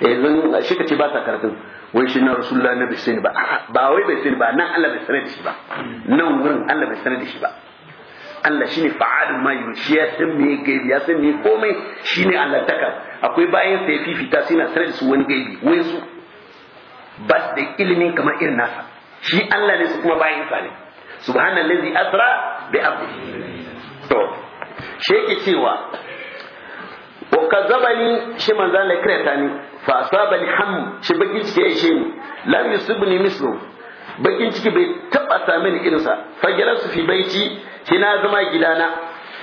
yanzu shi ka ce ba sa karatun wai shi na rasulullah na bai ba ba wai bai sani ba nan Allah bai sanar da shi ba nan wurin Allah bai sanar da shi ba Allah shi ne fa'adun ma yi shi ya san me gaibi ya san me komai shi ne Allah taka akwai bayan sa ya fifita sai na sanar da su wani gaibi wai su ba da ilimin kamar irin nasa shi Allah ne su kuma bayan sa ne subhanallazi asra bi abdi to shi yake cewa wa kazabani shi manzan la karyata ni Fasa asabani ham shi bakin ciki ya ishe ni lam yusibni mislu bakin ciki bai taba sami ni irinsa fa jalasu fi baiti shi na zama gidana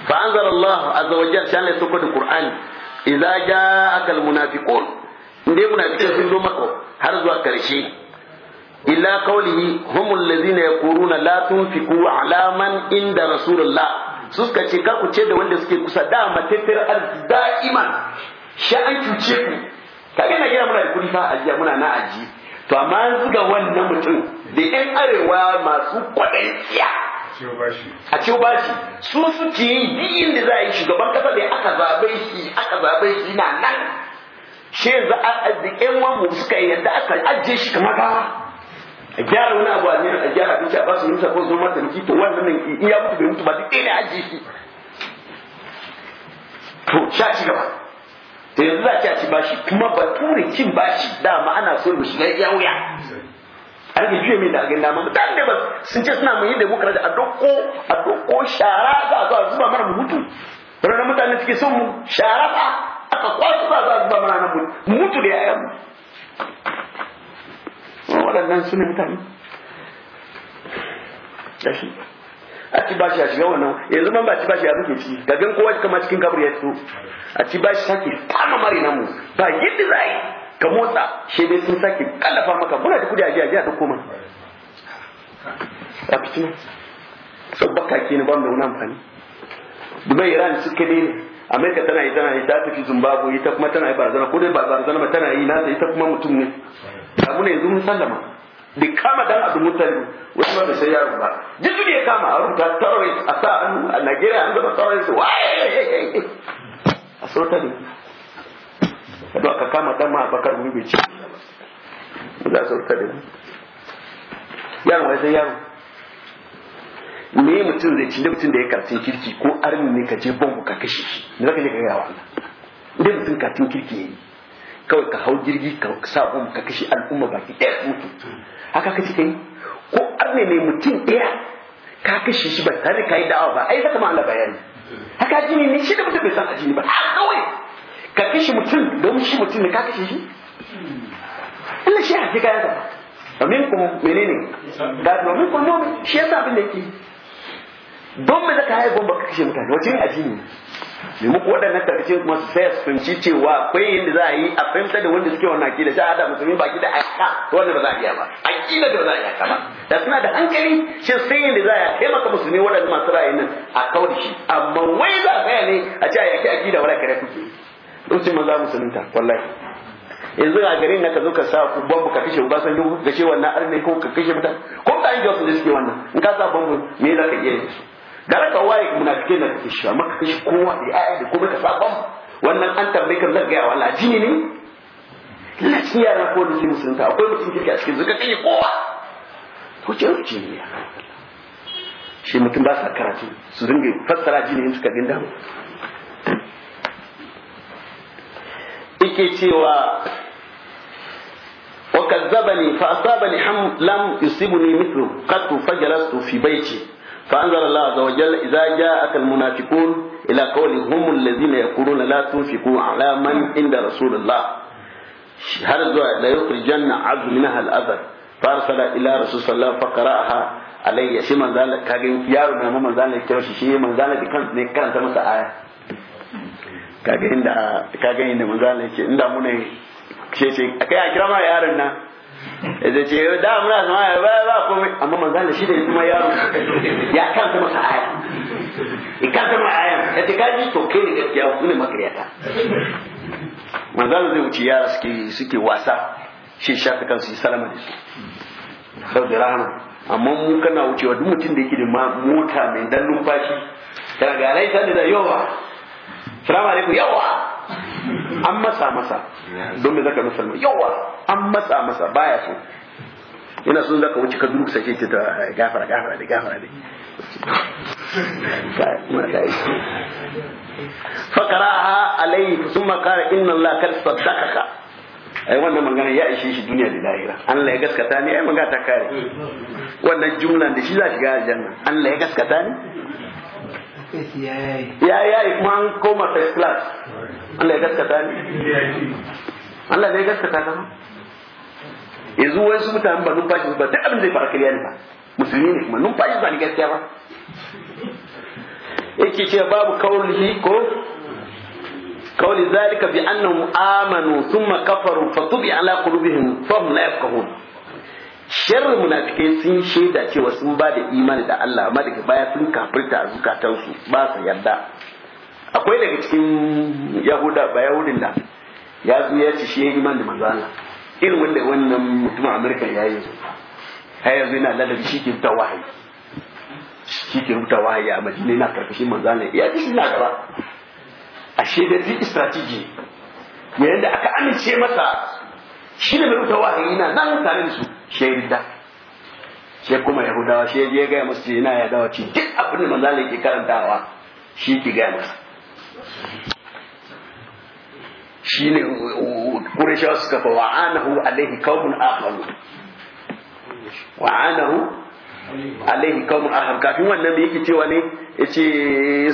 fa anzala Allah azza wa jalla shi Allah ya sauko da Qur'ani idza ja'aka almunafiqun inde munafiqai sun zo maka har zuwa karshe illa qawlihi humul ladina yaquluna la tunfiqu ala man inda rasulullah su suka ce kar ku da wanda suke kusa da matattar arziki da'ima sha an cuce ku Ta na gina muna da kudi fa ajiya muna na aji to amma an zuga wannan mutum da yan arewa masu kwadanciya a ciwo shi su suke yi biyin da za a yi shugaban kasa da aka zabe shi aka zabe shi na nan shi yanzu a arzikin wani suka yadda aka ajiye shi kamar gawa a gyara wani abu a nera a gyara abinci a ba su yimsa ko su mata miki to wannan nan in ya mutu bai mutu ba duk ɗaya ajiye shi to sha ci gaba to yanzu za a ci a ci bashi kuma ture cin bashi dama ana so mu shiga iya wuya a rage juya mai da agin dama dan da ba sun ce suna mai yadda muka da a doko a doko shara za a zo a zuba mana mu mutu ranar mutane suke son mu shara ba aka kwasu za a zuba mana mu mutu da ya yi waɗannan su ne mutane gashi a ci bashi a shiga wannan yanzu man ba ci bashi ya muke ci ka gan kowa kama cikin kabur ya fito a ci bashi sake fama mari namu ba yadda za yi ka motsa shi dai sun sake kallafa maka muna da kudi a jiya ɗauko koma a fitina sau baka ke ni ba mu da wani amfani dubai iran suka ne amerika tana yi tana yi ta tafi zimbabwe ita kuma tana yi barazana ko dai ba barazana ba tana yi nata ita kuma mutum ne abu ne yanzu mun sallama da kama dan abu mutane wasu ma bai sai yaro ba yanzu ne ya kama a rubuta terrorist a sa hannu a nigeria an gaba su waye a sauta ne ka ka kama dan ma bakar mu bai ci ba za a sauta ne yaro wai sai yaro me mutum zai ci da mutum da ya karfin kirki ko armi ne ka je bombu ka kashe shi ne zaka je ka ga wannan idan mutum karfin kirki ne kawai ka hau jirgi ka sa bom ka kashi al'umma baki ɗaya mutu haka ka kai ko arne ne mutum ɗaya ka kashi shi ba tare ka yi da'awa ba ai haka ma Allah bayani haka jini ne shi da mutum bai san ajini ba har kawai ka kashi mutum don shi mutum ne ka kashi shi Allah shi hake kayan sa domin kuma menene da domin kuma shi yasa abin da yake don me zaka haihu bomba ka kashe mutane wace ne ajini ne me muku waɗannan karshe kuma su sai su fahimci cewa akwai yadda za a yi a fahimtar da wanda suke wannan akida sai a ba musulmi a da to wannan ba za a iya ba akida da ba za a iya ba da suna da hankali shi sai yadda za a taimaka musulmi waɗannan masu ra'ayi nan a kawar shi amma wai za a tsaya ne a ce a yaki akida wala kare kuke lokacin maza musulunta wallahi yanzu a garin na ka zo ka sa ku bambu ka kashe ba san yau ga ce wannan arne ko ka kashe mutan ko ka yi jawabin da suke wannan in ka sa bambu me za ka iya yi da raka waye munafikai na kake shiwa maka kashe kowa da ya'ya da kuma ka sabon wannan an tambaye kan zaka gaya Wala Allah jini ne lalaci yara ko da cikin musulunta akwai mutum kike a cikin zuka kai kowa to ce ruce ne ya shi mutum ba sa karatu su dinga fassara jini in suka ginda ike cewa وكذبني فأصابني حم lam yusibuni mithlu قط fajalastu fi بيتي فأنزل الله عز وجل إذا جاءك المنافقون إلى قولهم هم الذين يقولون لا تنفقوا على من عند رسول الله هل لا يخرجن عبد منها الأذى فأرسل إلى رسول صلى الله عليه فقرأها عليه شي من ذلك كان يارو من من ذلك كيرو شي من ذلك كان ne karanta masa aya kaga inda kaga من ذلك Allah yake inda mu ne ce ce kai da ce da muna zama ya ba ba mai amma manzan da shi da kuma yaro ya kanta masa aya ya kanta masa aya ya ta kaji to kai ne gaskiya ku ne makariyata manzan zai wuce yara suke suke wasa shi shafi kansu yi salama da su sau da rana amma mu kana wucewa duk mutum da yake da mota mai dan numfashi kana ga alaita da yawa salamu alaikum yawa an matsa masa don me zaka masa yawa an matsa masa baya so ina so zaka wuce ka duk sake ta gafara gafara da gafara da fakaraha alayhi thumma qala inna allaha kad saddaqaka ai wannan magana ya ishe shi duniya da lahira Allah ya gaskata ni ai magana ta kare wannan jumlan da shi za shiga aljanna Allah ya gaskata ni ya ya kuma an koma first class Allah ya gaskata ne Allah zai gaskata ka yanzu wai su mutanen ba numfashi ba duk abin zai fara kariya ne ba musulmi ne kuma numfashi ba ni gaskiya ba yake ce babu kaulihi ko قول ذلك بأنهم آمنوا ثم كفروا فطبع على قلوبهم فهم لا يفقهون شر munafikai sun shaida cewa sun ba da imani da Allah amma daga baya sun kafirta zukatansu ba su yarda akwai daga cikin yahuda ba yahudin da ya zo ya ci shi iman da manzo Allah irin wanda wannan mutumin amurka ya yi Ha yanzu yana ladabi shi ke rubuta wahayi shi ke rubuta wahayi a madina yana karkashin manzo Allah ya ji shi na gaba a shaidar duk strategy yayin da aka amince masa shi ne mai rubuta wahayi na nan tare da su shaidar sai kuma yahudawa sai ya gaya masu yana yadawa ce, duk abin da manzo Allah yake karantawa shi ki gaya masa shine uh, qurayshawa suka fa wa'anahu alaihi qaumun akharu wa'anahu alaihi kawun akharu kafin wannan da yake cewa ne yace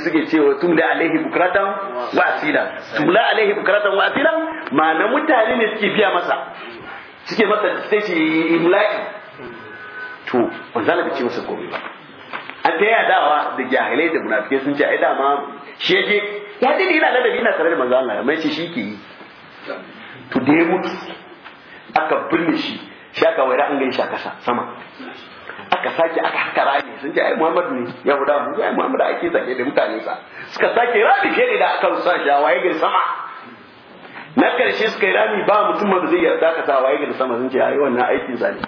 suke cewa tumla alaihi bukratan wa asila tumla alaihi bukratan wa ma na mutane ne suke biya masa suke masa sai ce imla'i to wanda bai ce masa komai ba an ta yadawa da jahilai da munafikai sun ce ai dama shi yake ya dade yana da yana tare da manzo Allah mai ce shi ke yi to da ya mutu aka binne shi shi aka waira an shi aka sama aka sake aka haka rami sun ce ai Muhammadu ne ya huda mu ya Muhammadu ake sake da mutane sa suka sake rami ke ne da aka sa shi a waye ga sama na karshe suka yi rami ba mutum ba zai yarda ka sa waye ga sama sun ce ai wannan aikin sa ne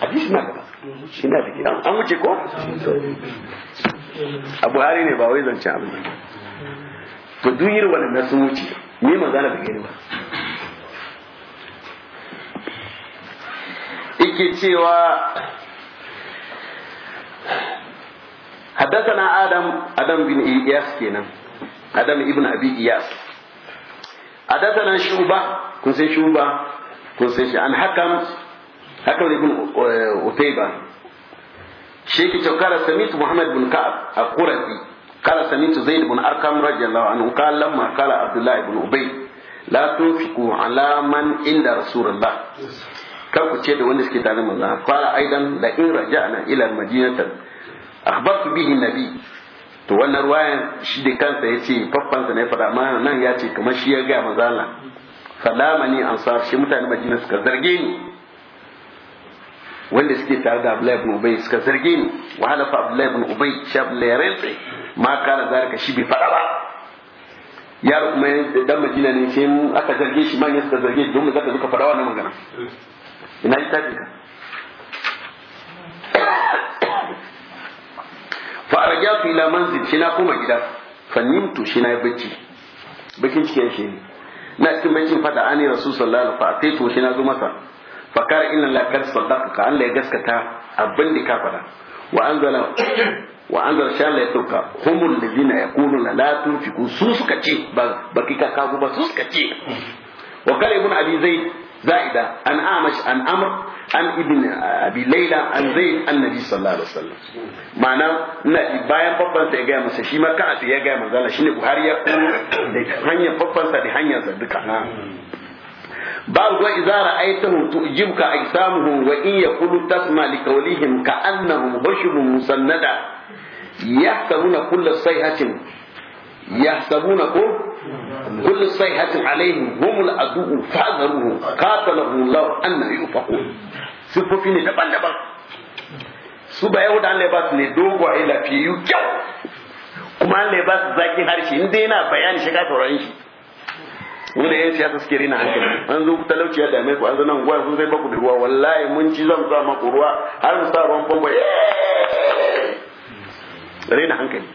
hadisi na gaba na da an wuce ko a buhari ne ba wai zancen abin to duk irin waɗannan sun wuce me magana bai gani ba yake cewa حدثنا آدم آدم بن إياس كينا آدم ابن أبي إياس حدثنا شعبة كنت شعبة كنت عن حكم حكم ابن أتيبة شيخ تكارة سميت محمد بن كعب القرزي قال سمعت زيد بن أرقم رضي الله عنه قال لما قال عبد الله بن أبي لا تنفقوا على من عند رسول الله kar ku ce da wanda suke tare manzon fara aidan da in raja'na ila madinatan akhbartu bihi nabi to wannan ruwayan shi da kansa yace faffansa ne fada amma nan ya ce kamar shi ya ga manzon Allah salama ni ansar shi mutane madina suka zarge ni wanda suke tare da Abdullahi ibn Ubay suka zarge ni wa fa Abdullahi ibn Ubay shi Abdullahi ya rantsa ma kana zalika shi bai fada ba yaro kuma dan majina ne sai aka zarge shi manyan suka zarge shi don mu zaka zuka fada wannan magana ina yi tafi fa fi la manzil shi na koma gida fa nimtu shi na bacci bakin cikin shi ne na cikin bakin fada an yi rasu sallallahu fa sai to shi na zo masa fa kar inna la kad saddaqaka Allah ya gaskata abin da ka faɗa. wa anzala wa anzala sha Allah ya sauka humul ladina yaquluna la tunfiqu su suka ce ba ba kika kago ba su suka ce wa qala ibn abi zaid زائدة عن أعمش عن أمر عن ابن أبي ليلى عن زيد النبي صلى الله عليه وسلم معنى bayan babban ya gaya masa shi ma kansa ya gaya manzala shine Buhari ya kuma da hanyar babban da hanyar sa babu kuma idza ra'aytahum tu'jibuka ajsamuhum wa in yaqulu tasma li qawlihim ka'annahum hushubun musannada yahsabuna kull sayhatin yahsabuna ko kull sayhatin alaihim hum al-adu fa'adharuhu qatalahum Allah an yufaqun sifofi ne daban-daban su ba yau da Allah ba su ne dogwaye lafiyayyu kyau kuma Allah ba zakin harshe in dai yana bayani shiga sauraron shi mu da yan siyasa suke rina hankali an zo talauci ya dame ku an zo nan gwa sun sai baku da ruwa wallahi mun ci zan sa maku ruwa har mu sa ruwan famfo eh! rina hankali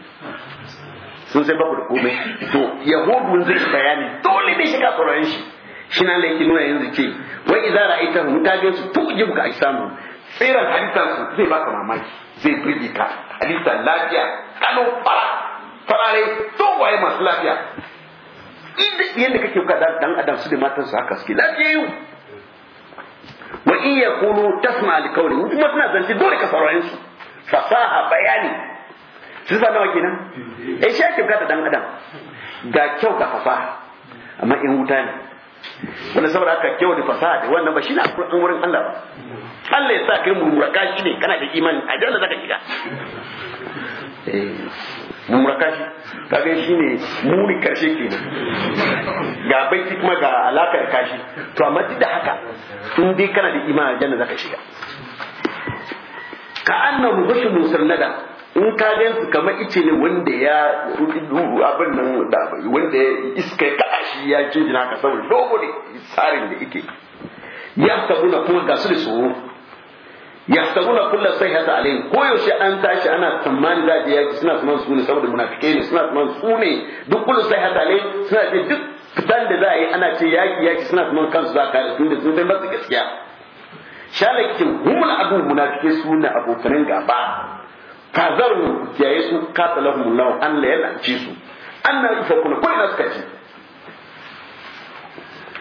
sun sai baku da komai to yahudun zai bayani dole ne shiga tsoron shi shi nan laiki nuna yanzu ce wai idan ra'aita mu ta su to ji ka a samu tsiran hadisan su zai baka mamaki zai birge ka lafiya kano fara farare waye masu lafiya yadda kake kada dan adam su da matan su haka suke lafiyayyu wa in kunu tasma li qawli kuma suna zance dole ka saurare su fasaha bayani su sa nawa kenan eh shi ake bukata dan adam ga kyau ga fasaha amma in wuta ne wanda saboda haka kyau da fasaha da wannan ba shi na kurɗin wurin Allah ba Allah ya sa kai murmuraka shi ne kana da imani a jalla zaka shiga eh, murmuraka shi kaga shine muni karshe ke ga baiti kuma ga alakar kashi to amma duk da haka in dai kana da imani janna zaka shiga ka annahu husnul nada in ka gansu kamar ice ne wanda ya abin nan da wanda ya iska ya kaɗa ya jinjina ka saboda dogo ne tsarin da yake ya na kuma ga su da tsoro yahsabuna kullu sayhata alaihim ko yaushe an tashi ana tsammani za a yaki suna tsammani su ne saboda munafike ne suna tsammani su ne duk kullu sayhata alaihim suna ce duk fitan da za yi ana ce yaki yaki suna tsammani kansu za a da tunda sun dai masu gaskiya shalakin humul adu munafike su ne abokan gaba kazaru kiyaye su qatalahumullahu Allah ya lance su annabi fa kuna kullu suka ci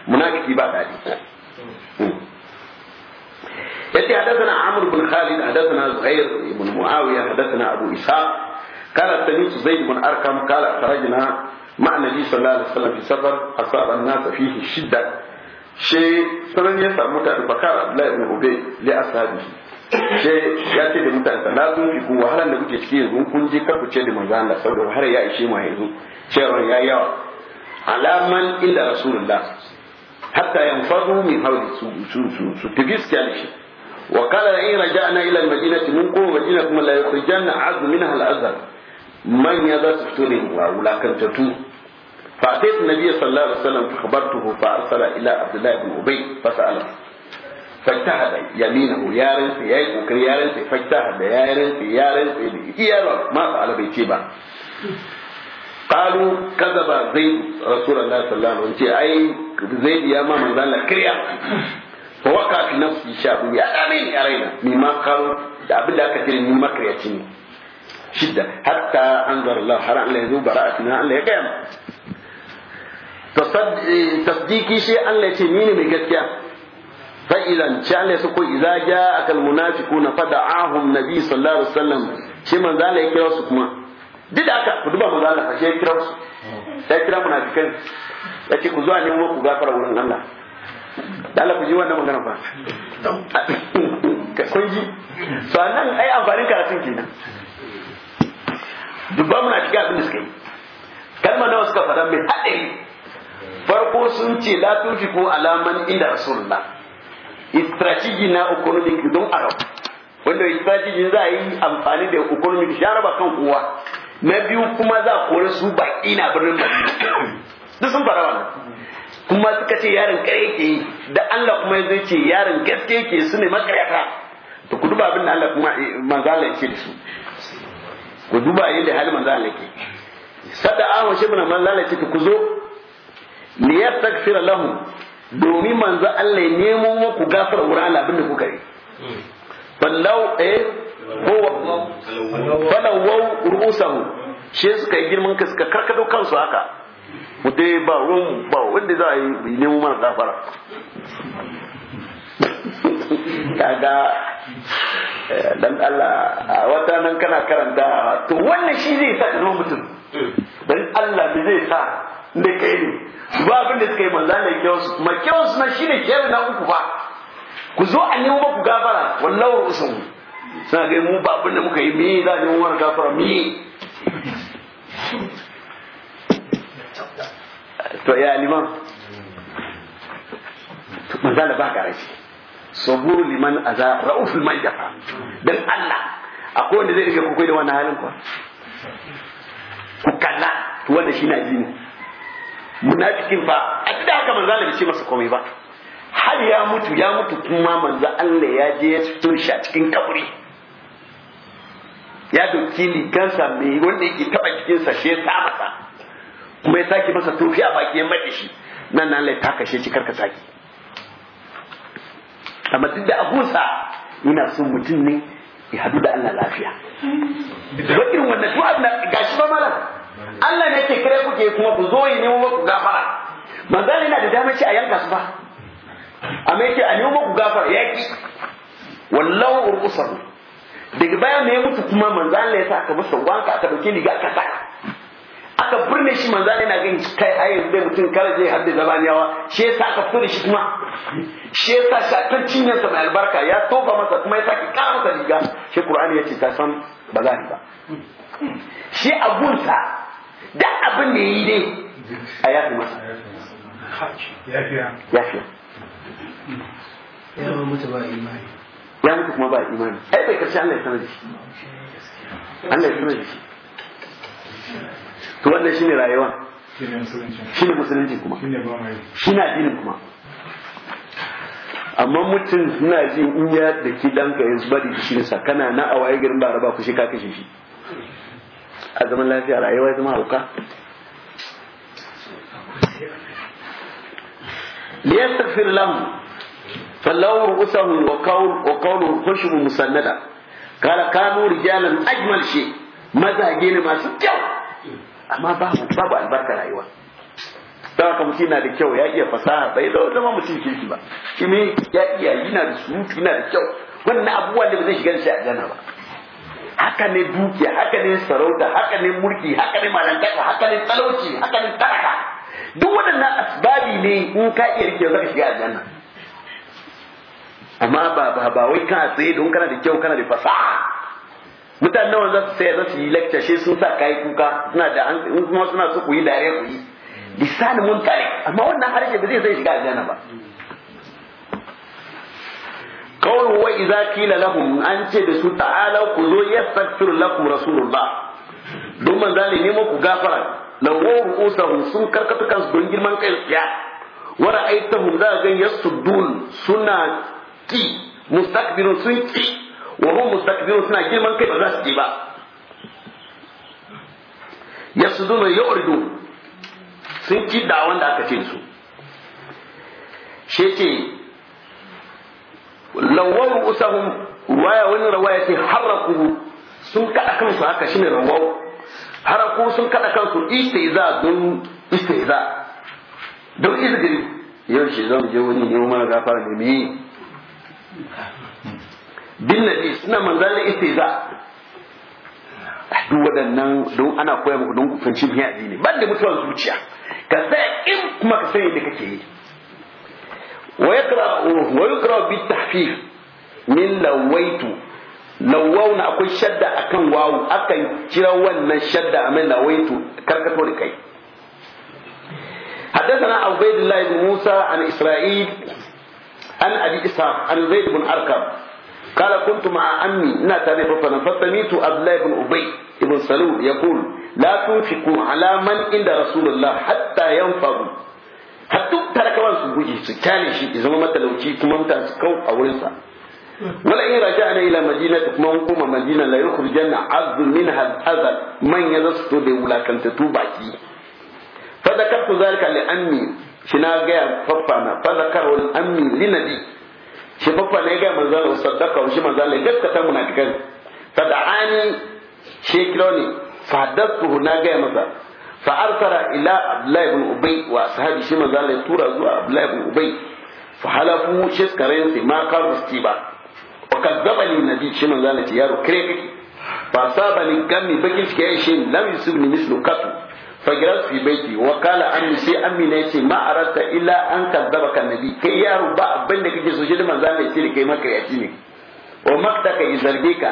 munafiki ba dadi يأتي حدثنا عمر بن خالد حدثنا زهير بن معاوية حدثنا أبو إسحاق قال التنيس زيد بن أركم قال أخرجنا مع النبي صلى الله عليه وسلم في سفر أصاب الناس فيه الشدة شيء سنن يسأل متى فقال عبد الله بن أبي لأصحابه شيء يأتي بمتى تنازم في قوة هل النبي تشكيز من كنجي كفو تشد من زان لسوله وهل يأشي ما يهزو شير يا يا على من إلا رسول الله حتى ينفضوا من هذه السوء سوء سوء سوء تبيس كالشيء wa qala in raja'na ila al-madinati mun ko madina kuma la yukhrijanna azm minha al-azhar man ya za su fito ne wa wulakantattu fa sai nabi sallallahu alaihi wasallam fa khabartuhu fa arsala ila abdullah ibn ubay fa sa'ala fajtahada yaminahu yaran sa yayi kokari yaran sa fajtahada ba قالوا كذب زيد رسول الله صلى الله عليه وسلم زيد ya ma manzo Allah kiriya fa waka fi nafsi shabu ya dame ni a raina mai makar da abin da aka tare ni makaryaci ne shidda hatta an zara Allah har Allah ya zo bara'atina Allah ya kayama eh, tasdiki shi Allah ya ce ni ne mai gaskiya fa'ilan shi Allah ya sako idza jaa akal munafiquna fada'ahum nabi sallallahu alaihi wasallam shi manzo Allah ya kira su kuma duk da aka ku duba manzo Allah fa shi ya kira su sai kira munafikan yace ku zuwa ne ku gafara wurin Allah da Allah ku ji wannan magana ba kun ji so nan ai amfanin karatun kenan dubba muna cikin abin da suka yi kalma nawa suka faɗa mai haɗari farko sun ce la tunfiqu alaman inda rasulullah strategy na economic don arab wanda strategy za a yi amfani da economic shi araba kan kowa na biyu kuma za a kore su baki na birnin madina duk sun faɗa wannan kuma suka ce yaron kare yake yi da Allah kuma ya ce yaron gaske yake su ne makarata to ku duba abin da Allah kuma eh, manzala ya ce da su ku duba yadda halin manzo Allah yake sada awon shi muna manzala ce ta ku zo ya yastaghfir lahu domin manzo Allah ya nemo ku gafara wurin Allah abin da kuka yi ballau eh huwa falawu ru'usahu shi suka yi girman ka suka karkado kansu haka mu dai ba ruwan ba wanda za a yi nemo mana gafara kaga eh, dan Allah a wata nan kana karanta to wannan shi zai sa zo mutum dan Allah bai zai sa da kai ne ba abin da suka yi manzo Allah ya su kuma kiyon su nan shine kiyon na uku fa ku zo a nemo ku gafara wallahi usum suna ga mu ba abin da muka yi me za a nemo mana gafara me to ya liman manzala ba ka garaji saburu liman aza ra'uful mai dafa dan Allah akwai wanda zai rike kukai da wannan halin kuwa ku kalla to wanda shi na jini munafikin fa a gida haka manzala bai ce masa komai ba har ya mutu ya mutu kuma manzo Allah ya je ya fito shi a cikin kaburi ya doki ligansa mai wanda yake taba jikinsa shi ya sa masa kuma ya sake masa tofi a baki ya maɗe shi nan nan lai ta kashe shi karka sake amma duk da abusa ina son mutum ne ya hadu da Allah lafiya don irin wannan duk abin gashi ba malam Allah ne ke kare kuke kuma ku zo yi nemo ku gafara manzali na da damar ci a yanka su ba amma yake a nemo ku gafara yaki wallahu urqusar daga baya ne mutu kuma manzali ya sa ka masa wanka ka dauke ga ka saka aka birne shi manzo ne na gan kai ai yanzu dai mutum kare zai hadda zabaniyawa shi yasa aka fito da shi kuma shi yasa shatan cinyarsa mai albarka ya tofa masa kuma ya saki kara masa riga shi qur'ani yace ta san ba za ni ba shi abunsa da abin da yi dai a yafi masa Ya fiya. ya mutu ba imani ya mutu kuma ba imani ai bai karshe Allah ya sanar da shi Allah ya sanar da shi to wannan shine rayuwa shine musulunci kuma shine addinin kuma amma mutum suna ji in ya da ki ka yanzu ba da kishinsa kana na a waye garin bara ba ku shi ka kashe shi a zaman lafiya rayuwa zama hauka liyastaghfir lahum wa qawl wa qawlu خشب musannada قال kanu rijalan ajmal shi, mazage ne masu kyau. amma babu albarka rayuwa don haka mutum yana da kyau ya iya fasaha bai zama zama mutum kirki ba shi ya iya yana da surutu yana da kyau wannan abubuwan da ba zai shiga shi a jana ba haka ne dukiya haka ne sarauta haka ne mulki haka ne malantaka haka ne talauci haka ne talaka duk waɗannan asbabi ne in ka iya rike zaka shiga jana amma ba ba wai kana tsaye don kana da kyau kana da fasaha mutane nawa za su sai za su yi lecture shi sun sa kai kuka suna da in kuma suna so ku yi dariya ku yi lisanin mun kare amma wannan harshe ba zai zai shiga aljanna ba qawlu wa idza qila lahum an ce da su ta'ala ku zo yastaghfir lakum rasulullah don manzo ne nemo ku gafara lawo usahu sun karkata kansu don girman kai ya wa ra'aytahum da gan yasuddun suna ki mustakbirun sun ki wa hum mustakbirun suna girman kai ba za su je ba yasuduna yuridu sun ki da wanda aka ce su Sheke, ce lawar usahum ruwaya wani rawaya ce haraku sun kada kansu haka shine rawau haraku sun kada kansu istiza don istiza don izgiri yau shi zan je wani yau mana gafara ne mi bin nabi suna ita. istihza duk waɗannan don ana koya muku don kufanci biya addini ban da mutuwar zuciya ka sai in kuma ka sani da kake yi wa yaqra bi tahfif min lawaitu lawau na akwai shadda akan wawu akan kira wannan shadda a mai lawaitu karkato da kai حدثنا عبيد الله بن موسى عن إسرائيل عن أبي إسحاق عن زيد بن أركب قال كنت مع عمي ina tare da fafana fasamitu abdullah ibn ubay ibn salul yaqul la tunfiqu ala man inda rasulullah hatta yanfadu hatta tarakawan su guji su kyale shi ya zama matalauci kuma mutane su kau a wurinsa wala in raja'na ila madinati kuma mun koma madina la yukhrijanna azl minha al-azal man yazastu da wulakantatu baki fadakartu zalika li anni shi na ga fafana fadakaru al-ammi li nabi shi babba ne ga manzo Allah saddaka shi manzo Allah gaskata munafikan fad'ani shi kilo ne fadatu na ga maza. fa arsala ila Abdullahi ibn ubay wa sahabi shi manzo Allah tura zuwa Abdullahi ibn ubay fa halafu shi karen sai ma karu stiba wa kazzaba li nabi shi manzo Allah ya ro kire ba ni gami bakin shi lam yusibni mislu katu فجرت في بيتي وقال عني سي امي نيتي ما اردت الا ان كذبك النبي كي يا رب بنك دك جسو جدي من زاني سي لكي ما كرياتي ني ومقتك يزربيك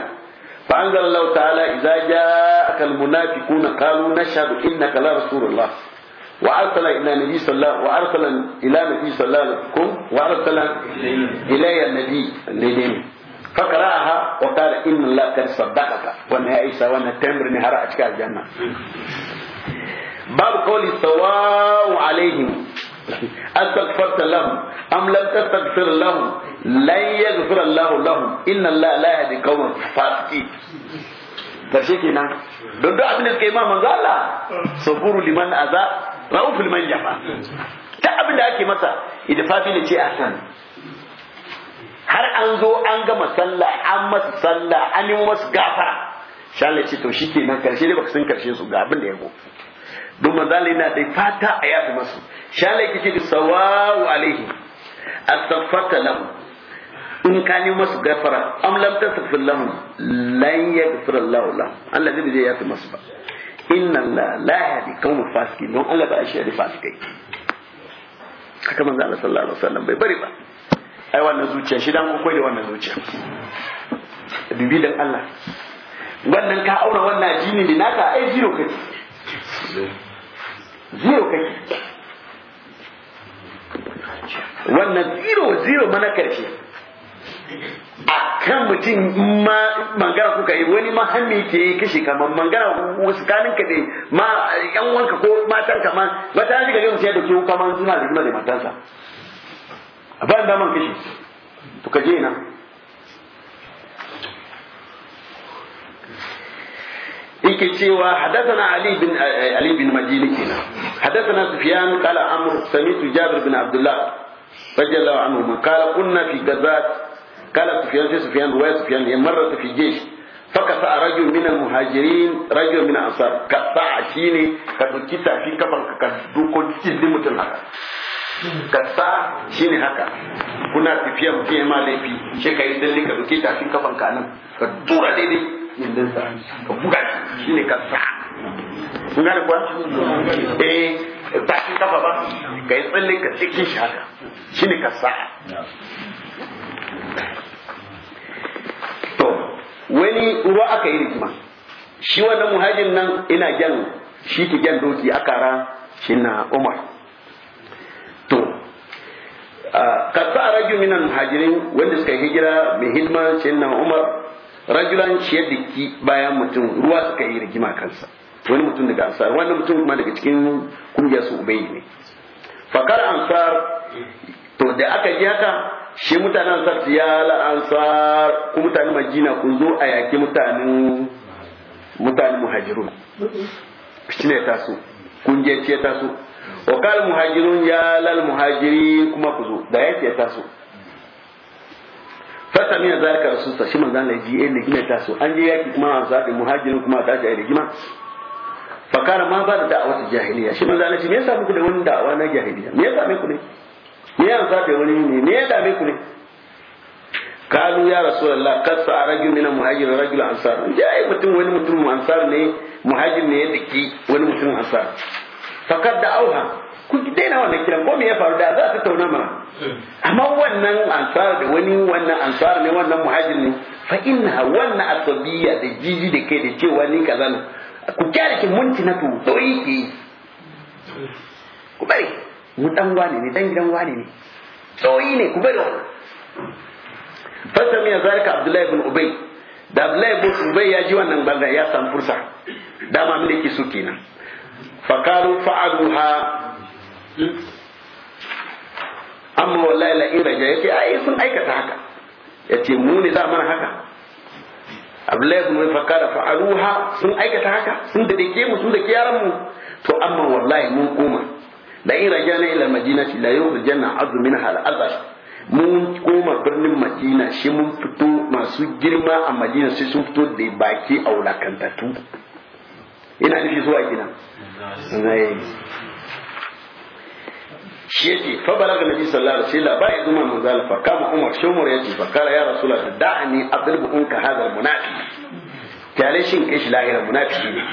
فانزل الله تعالى اذا جاءك المنافقون قالوا نشهد انك لرسول الله وارسل الى النبي صلى الله عليه وارسل الى النبي صلى الله عليه وسلم وارسل الى النبي لدين فقراها وقال ان الله قد صدقك وما هي تمر نهار اشكال الجنه babu kawali sawa'u alaihim astaghfarta lahum am lam tastaghfir lahum lan yaghfir Allah lahum inna Allah la yahdi qawman fasiqin karshe kenan don duk abin da suka yi ma manzo Allah saburu liman aza rauf liman jafa ta abin da ake masa idfafi ne ce a san. har an zo an gama sallah an masa sallah an yi masa gafara sha Allah ce to shi kenan karshe ne baka san karshe su ga abin da ya go don mazali na da fata a yafi masu shala yake ce da sawawu alaihi astaghfarta lahu in ka nemo masu gafara am lam tasfir lahu lan yaghfir Allahu lahu Allah zai je yafi masu ba inna Allah la yahdi kaum fasiqin don Allah ba shi da fasikai haka manzo Allah sallallahu alaihi wasallam bai bari ba ai wannan zuciya shi dan kokoi da wannan zuciya bibi dan Allah wannan ka aura wannan jini ne naka ai zero kace zero kake wannan zero zero mana karfi a kan mutum ma mangara kuka yi wani ma hannu ke yi kashe kama mangara wasu kanin ka ne ma yan wanka ko matan ma ba ta shiga yau sai da kiwo kama suna da da matansa a ban daman kashe to ka je na yake cewa hadathana ali bin eh, eh, ali bin madini kenan hadathana sufyan qala amr samitu jabir bin abdullah radiyallahu anhu qala kunna fi gazat qala sufyan sufyan sufyan ya fi jish fakasa rajul min almuhajirin rajul min ansar ka shine ka duki tafi kafan ka ka duko cikin haka shine haka kuna tafiya mutum ya ma laifi dalli ka duki tafi kafan ka nan ka tura daidai gindinsa ka buga shi ne ka sa kun gane kuwa eh tashin kafa ba ka yi tsalle ka cikin shi haka shi ne ka sa to wani ruwa aka yi rigima shi wannan muhajin nan ina gyan shi ki gyan doki aka ra shi na umar to ah, kasu a rajin minan muhajirin wanda suka hijira mai hidima shi na umar rajulan shiyadiki bayan mutum ruwa suka yi rigima kansa wani mutum daga ansar wani mutum kuma daga cikin kungiyar su ubai ne fakar ansar to da aka ji haka shi mutanen ansar su yala ansar ku mutanen majina kun zo a yaki mutanen mutanen muhajirun shi ne taso kungiyar ce taso wakal muhajirun ya lal muhajiri kuma ku zo da yake taso fasami da zalika sa shi manzan Allah ji eh ligima ta so an je yaki kuma an zabi muhajirin kuma ta ji yi fa kana ma ba da da'awar jahiliya shi manzan Allah me yasa muku da wani da'awa na jahiliya me yasa muku ku ne me ya zabe wani ne me ya dame ku ne kalu ya rasulullah qad sa rajul min muhajir rajul ansar ya ai mutum wani mutum ansar ne muhajir ne ya diki wani mutum ansar fa kad da'awha ku ji na wannan kiran ko me ya faru da za su tauna mana amma wannan ansar da wani wannan ansar ne wannan muhajir ne fa inna wannan asabiya da jiji da kai da cewa ni kaza ne ku kyale ki munti na to doyi ki ku bari mu dan wane ne dan gidan wane ne doyi ne ku bari fa fa samiya zalika abdullahi ibn ubay da abdullahi ibn ubay ya ji wannan banga ya san fursa dama mun da ke su kenan qalu fa'aluha amma wallahi la in raja yace ai sun aikata haka yace mu ne za mana haka Abdullahi ibn faka da ha sun aikata haka sun da dake mu sun da kiyaran mu to amma wallahi mun koma la in rajana ila madinati la janna azu minha al azash mun koma birnin madina shi mun fito masu girma a madina sai sun fito da baki a wulakantattu ina nufi zuwa gina shi yake fa balaga nabi sallallahu alaihi wasallam ba izuma manzal fa kama umar shi umar yace fa kala ya rasulullah da'ani adribu unka hadha almunafiq kyale shin kai shi lahira munafiki ne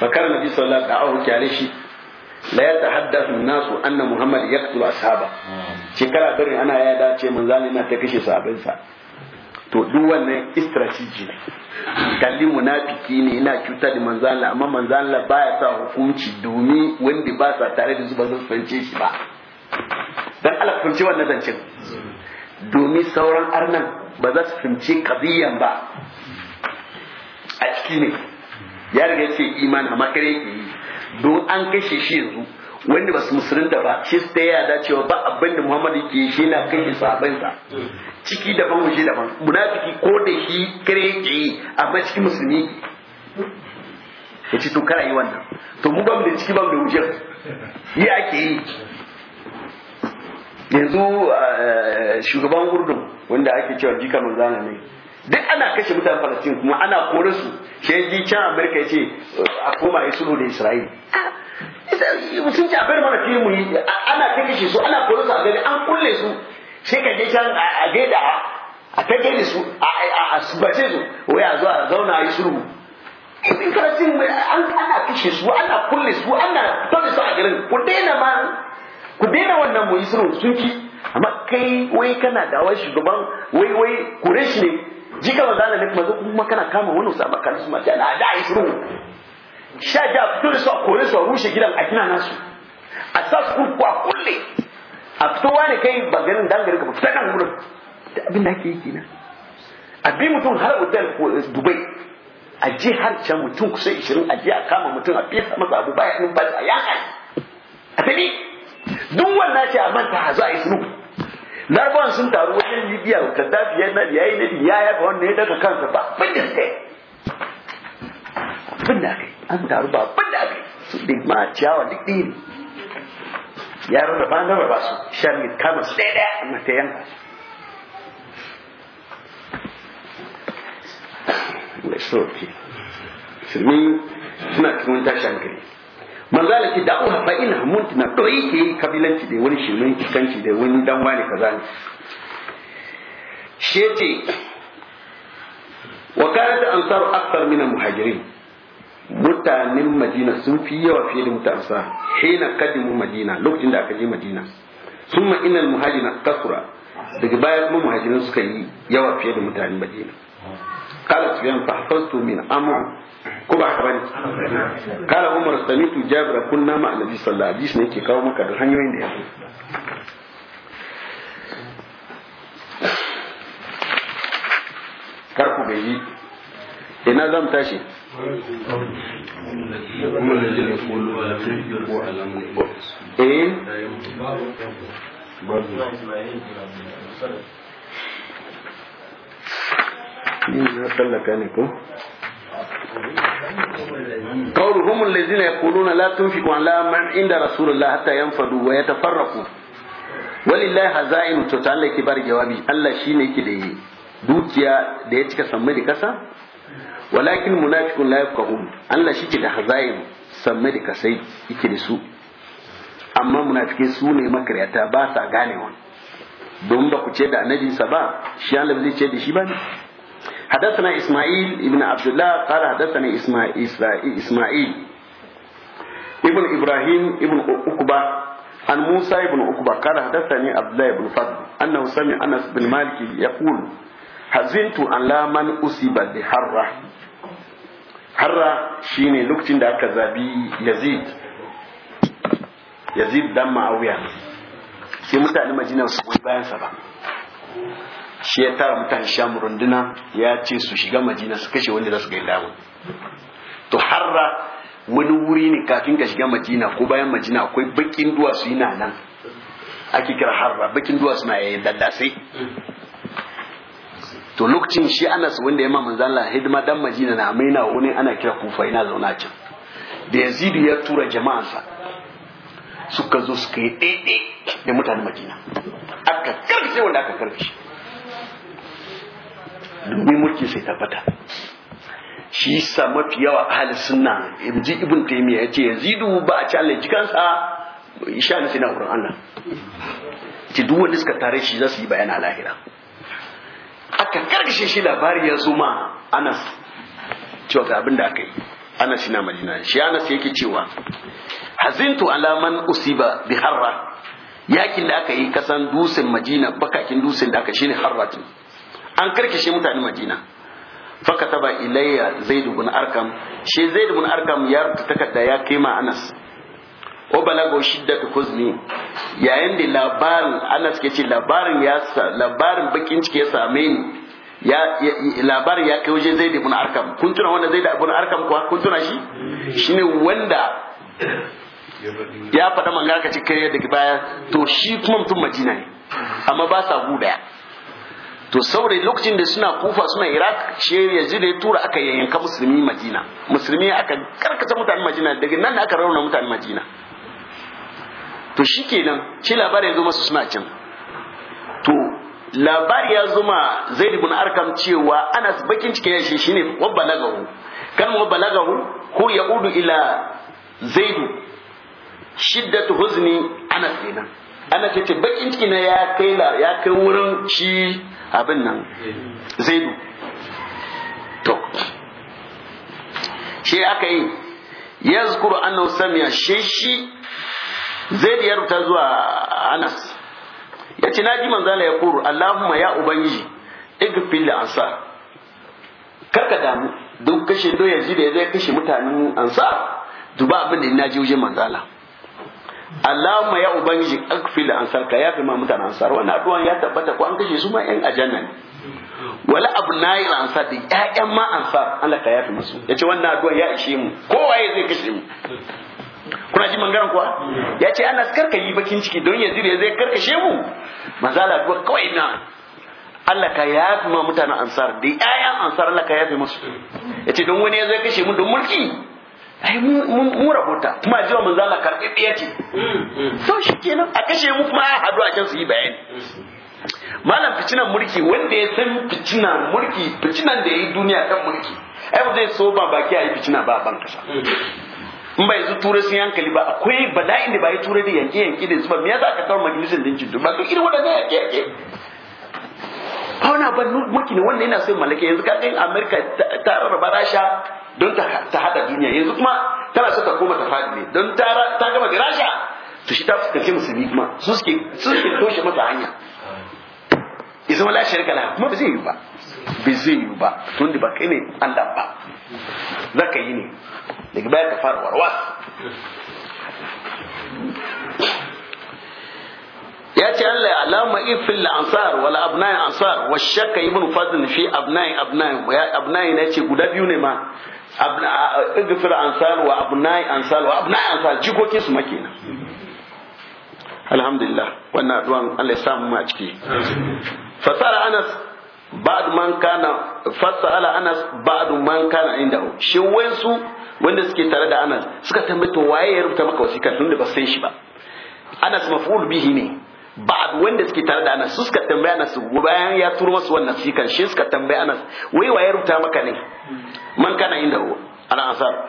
fa kala nabi sallallahu alaihi wasallam da'ahu kyale shi la yatahaddathu an-nasu anna muhammad yaqtulu ashaba shekara barin ana ya ce manzali na ta kashe sahabin sa to duk wannan strategy ne kalli munafiki ne yana cuta da manzala amma manzala baya sa hukunci domin wanda ba sa tare da zuba zan fahimce shi ba dan Allah fahimci wannan zancen domin sauran arnan ba za su fahimci kabiyan ba a ciki ne ya riga ce imani amma kare yake yi don an kashe shi yanzu wanda ba su musulun da ba shi su ta da cewa ba abin da muhammadu ke shi na kashe sa ciki daban waje daban munafiki ko da shi kare yake yi amma ciki musulmi ya ce to kara yi wannan to mu ba mu da ciki ba mu da wujen yi ake yi yanzu eh, shugaban urdun wanda ake cewa jika manzana ne duk ana kashe mutanen falastin kuma ana kore su shi ji can amerika ya ce a koma ya sulu da isra'il ah, sun ci a mana fiye muni yi ana ta kashe su ana kore su a gani an kulle su sai ka je can a gaida a ta gani su a subace su wai a zo a zauna a yi sulhu in falastin an ana kashe su ana kulle su ana tare su a garin ku daina ma ku daina wannan mu yi sun ki amma kai wai kana dawar shugaban wai wai kureshi ne jika ba zana ne kuma zo kuma kana kama wani sa kan su ma da da yi sulhu sha da fito da su a kore su a rushe gidan a gina nasu a sa su kwa kulle a fitowa wani kai ba ganin dangare ka ba fita nan wurin da abin da ake yi kenan a bi mutum har hotel dubai a je har can mutum kusa ishirin a je a kama mutum a fesa masa abu baya ba a yaƙa a tabi duk wannan ce a manta a zo a yi sulhu larabawan sun taru wajen libya gaddafi ya nadi ya yi nadi ya yaba wannan ya daga kansa ba abin da suka yi an taru ba abin da aka yi su digma ciyawa duk ɗin ya ya ba na raba su shani kama su ɗaya ɗaya na ta yanka mai sauki shirmi suna cikin tashi hankali manzo Allah ce da'uha fa ina muntina to yake kabilanci da wani shirin kanci da wani dan wani kaza ne shete wa kanat ansaru akthar min muhajirin mutanen madina sun fi yawa fiye da mutanen hina kadimu madina lokacin da aka je madina summa ina muhajina kasura daga baya kuma muhajirin suka yi yawa fiye da mutanen madina su yan fahfastu min امر ko ba ka bane kala umar samitu jabra kunna ma annabi sallallahu alaihi wasallam yake kawo maka da hanyoyin da ya kar ku gaji ina zan tashi eh قول هم الذين يقولون لا تنفقوا على من عند رسول الله حتى ينفضوا ويتفرقوا ولله هزائن to كبار جوابي الله bar jawabi دوتيا ديتك yake da dukiya da ya cika sammai da kasa walakin munafiqun la yafqahun Allah shi ke amma munafike su ne makaryata ba sa gane ganewa don ba ku ce da sa ba shi Allah zai ce da shi ba ne حدثنا إسماعيل ابن عبد الله قال حدثني إسماعيل ابن إبراهيم ابن أكبة عن موسى بن عقبة قال حدثني عبد الله بن فضل أنه سمع أنس بن مالك يقول حزنت أن لا من أصيب بحرة حرة شيني لوكتين دا كذابي يزيد يزيد دم معاوية sai mutanen majina su goyi bayan sa ba shi ya tara mutane sham runduna ya ce su shiga madina su kashe wanda za su gaida mu to harra wani wuri ne kafin ka shiga madina ko bayan madina akwai bakin duwatsu yana nan ake kira harra bakin duwatsu na yayin daddasai to lokacin shi anas wanda ya ma manzala hidima dan madina na na wani ana kira kufa ina zauna can da yazidu ya tura jama'ansa suka zo suka yi daidai da mutanen madina aka karfe wanda aka karfe domin mulki sai tabbata shi sa mafi yawa ahli sunna ibji ibn taymiya yace yazidu ba a ci Allah jikansa sha'ani sai na wurin Allah ci duk wanda suka tare shi za su yi bayana lahira aka karkashe shi labari ya zuma Anas cewa ga abin da aka yi Anas na Madina shi Anas yake cewa hazintu alaman usiba bi harra yakin da aka yi kasan dusin Madina bakakin dusin da aka shine harratin an karkashe mutanen madina fakataba ilayya zaid ibn arkam shi zaid ibn arkam ya rubuta takarda ya kai ma anas o balago shiddatu kuzni yayin da labarin anas ke ce labarin ya labarin bakin ciki ya same ni ya labarin ya kai wajen zaid ibn arkam kun tuna wanda zaid ibn arkam kuwa kun tuna shi shine wanda ya faɗa manga ka ci kare daga baya to shi kuma mutum madina ne amma ba sa gudaya to saurayi lokacin da suna kufa suna iraq shi yanzu da ya tura aka yayyanka musulmi madina musulmi aka karkata mutanen madina daga nan aka rauna mutanen madina to shikenan shi labari ya zo masu suna can to labari ya zo ma zaid ibn arkam cewa ana bakin cike ya shi shine wa balagahu kan wa balagahu ko udu ila zaidu shiddatu huzni anas kenan anas ce bakin ciki na ya kai wurin shi abin nan zaidu to shi aka yi ya zukuru annahu samiya shi shi zaidu ya rubuta zuwa anas ya ce na ji manzala ya kuru allahumma ya ubangiji igfil da ansa karka damu don kashe doya ji da ya zai kashe mutanen ansa duba abin da na ji wajen manzala Allahumma ya ubangiji akfil ansar ka fi ma mutanen ansar wannan addu'a ya tabbata ko an kashe su ma yan ajanna ne wala abnai ansar da ƴaƴan ma ansar Allah ka yafi musu yace wannan addu'a ya ishe mu kowaye zai kashe mu kuna ji mangaran kuwa Yace ce ana karka yi bakin ciki don yanzu da zai karkashe mu mazala addu'a kawai na Allah ka yafi ma mutanen ansar da ƴaƴan ansar Allah ka yafi musu Yace don wani ya zai kashe mu don mulki ai mu rahota kuma jiwa manzo Allah biya ce mm, mm. so shi kenan a kashe mu kuma a hadu a can su yi bayani malam ficinan mulki wanda ya san ficinan mulki ficinan da yayi yi duniya kan mulki ai zai so ba baki a yi ficina ba a ban kasa mm. in bai yanzu turai sun yankali ba akwai bala'in da ba tura turai da yanke yanke da zuba me yasa aka tsawon majalisar dinkin ba duk irin waɗannan yanke yanke ba wani abin mulki ne wannan yana sai mallake yanzu ka ga america ta rarraba Rasha don ta ta hada duniya yanzu kuma tana so ta koma ta fadi ne don ta ta gama garasha to shi ta fuskanci musulmi kuma su suke su suke toshe mata hanya ya zama la shirka la kuma ba zai yi ba ba zai yi ba tun da ba kai ne Allah ba za ka yi ne daga bayan ka fara warwa ya ce Allah ya alama ifin la ansar wala abnai ansar wa shakka ibn fadl fi abnai abnai abnai ne ce guda biyu ne ma igfir ansar wa abnai ansar wa abnai ansar jikokin su makina alhamdulillah wannan addu'an Allah ya samu ma ciki fasara anas ba'd man kana fasala Anas ba'd man kana indahu shi wansu wanda suke tare da Anas suka tambaye to waye ya rubuta maka wasiƙa tunda ba san shi ba Anas maf'ul bihi ne ba wanda suke tare da anas su suka tambaya anas bayan ya turo masu wannan sikan shi suka tambaya anas wai waye rubuta maka ne man kana inda ho al ansar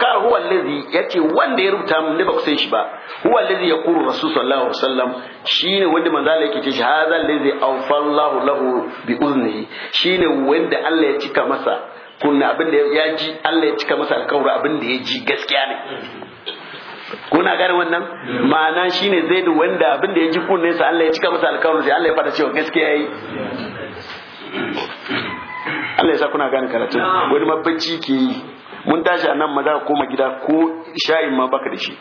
ka huwa allazi yace wanda ya rubuta mun ne ba ku san shi ba huwa allazi yaqulu rasul sallallahu alaihi wasallam shine wanda manzo Allah yake ce shi hadha allazi awfallahu lahu bi uznihi shine wanda Allah ya cika masa kunna abin da ya ji Allah ya cika masa alƙawari abin da ya ji gaskiya ne kuna gane wannan ma'ana shine zaidu wanda abin da ya ji kunne sa Allah ya cika masa alƙawarin sai Allah ya fada cewa gaskiya yayi Allah ya sa kuna gane karatu wani mabbaci ke yi mun tashi a nan maza koma gida ko shayin ma baka da shi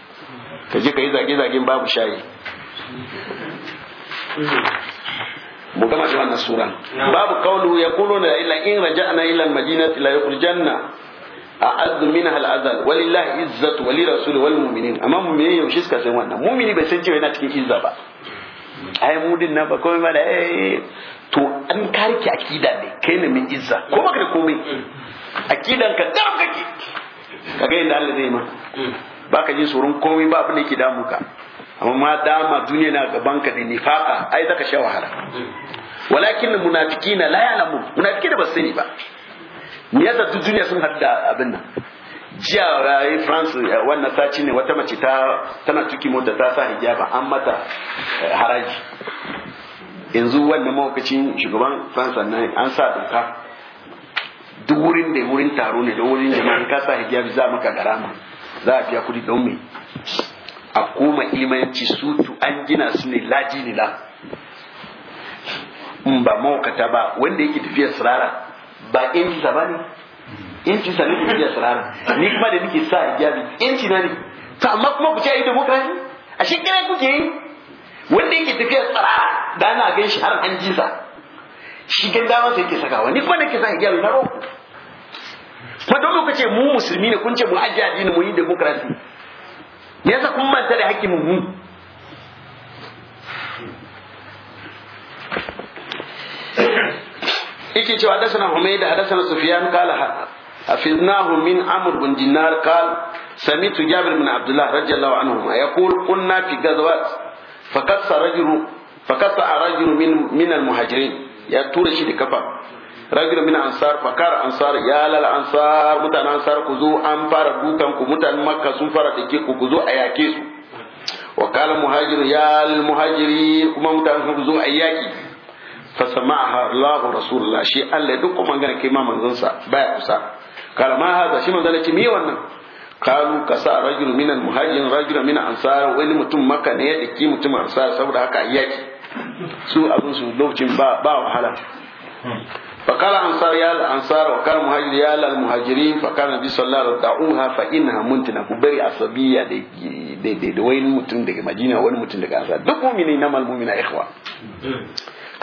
ka je ka yi zage-zagen babu shayi mu gama da wannan sura babu qawlu yaquluna illa in raja'na ila al-madinati la yukhrijanna a'azzu min hal azal walillahi izzatu wali rasul wal mu'minin amma mu'mini yaushe suka san wannan mu'mini bai san cewa yana cikin izza ba ai mu din nan ba komai ba da eh to an karki akida ne kai ne mai izza ko maka da komai akidan ka daram kake kaga yanda Allah zai ma baka jin surun komai ba abin da yake damu ka amma ma dama duniya na gaban ka da nifaka ai zaka sha wahala hmm. walakin munafiqina la ya'lamun munafiqina ba sani ba me yasa duk duniya sun hadda abin nan jiya rayu eh, france eh, wannan saci ne wata mace ta tana tuki mota ta sa hijaba an mata eh, haraji yanzu wannan mawakacin shugaban france nan an sa doka duk wurin da wurin taro ne da wurin jama'a ka sa hijabi za maka garama za a biya kudi don me a koma imanci sutu an gina su ne laji ne la in ba mawakata ba wanda yake tafiya sirara ba inci sa bane inci sa ne kuma sarar ni kuma da nake sa hijabi inci na ne to amma kuma ku ce ai demokrasi a shi kira kuke yi wanda yake tafiya tsara da ana gan shi har an ji sa shi gan dama sai yake sakawa ni kuma nake sa hijabi na roƙo ko don kuka ce mu musulmi ne kun ce mu ajiye addini mu yi demokrasi me yasa kun manta da hakkin mu yake cewa hadasana Humaida hadasana Sufyan qal afiznahu min Amr bin Dinar qal samitu Jabir bin Abdullah radiyallahu anhu ma yaqul kunna fi ghazwat fakassa rajul fakassa rajul min min al-muhajirin ya tura shi da kafa rajul min ansar fakara ansar ya ansar mutan ansar ku zo an fara dukan ku mutan sun fara dake ku zo a yake su wa qala muhajir kuma mutan sun zo a yaki fasamaha Allahu Rasulullah shi Allah duk kuma magana kai ma manzonsa baya kusa kala ma haza shi manzon ce me wannan kalu kasa rajul muhajirin rajul min ansar mutum maka ne ya mutum ansar saboda haka yaki su abin su lokacin ba ba wahala فقال أنصار يا الأنصار وقال مهاجر يا المهاجرين فقال النبي صلى الله عليه وسلم دعوها فإنها منتنة كبري عصبية دي دي دي, وين متن دي مدينة وين متن دي أنصار دقوا من إنما إخوة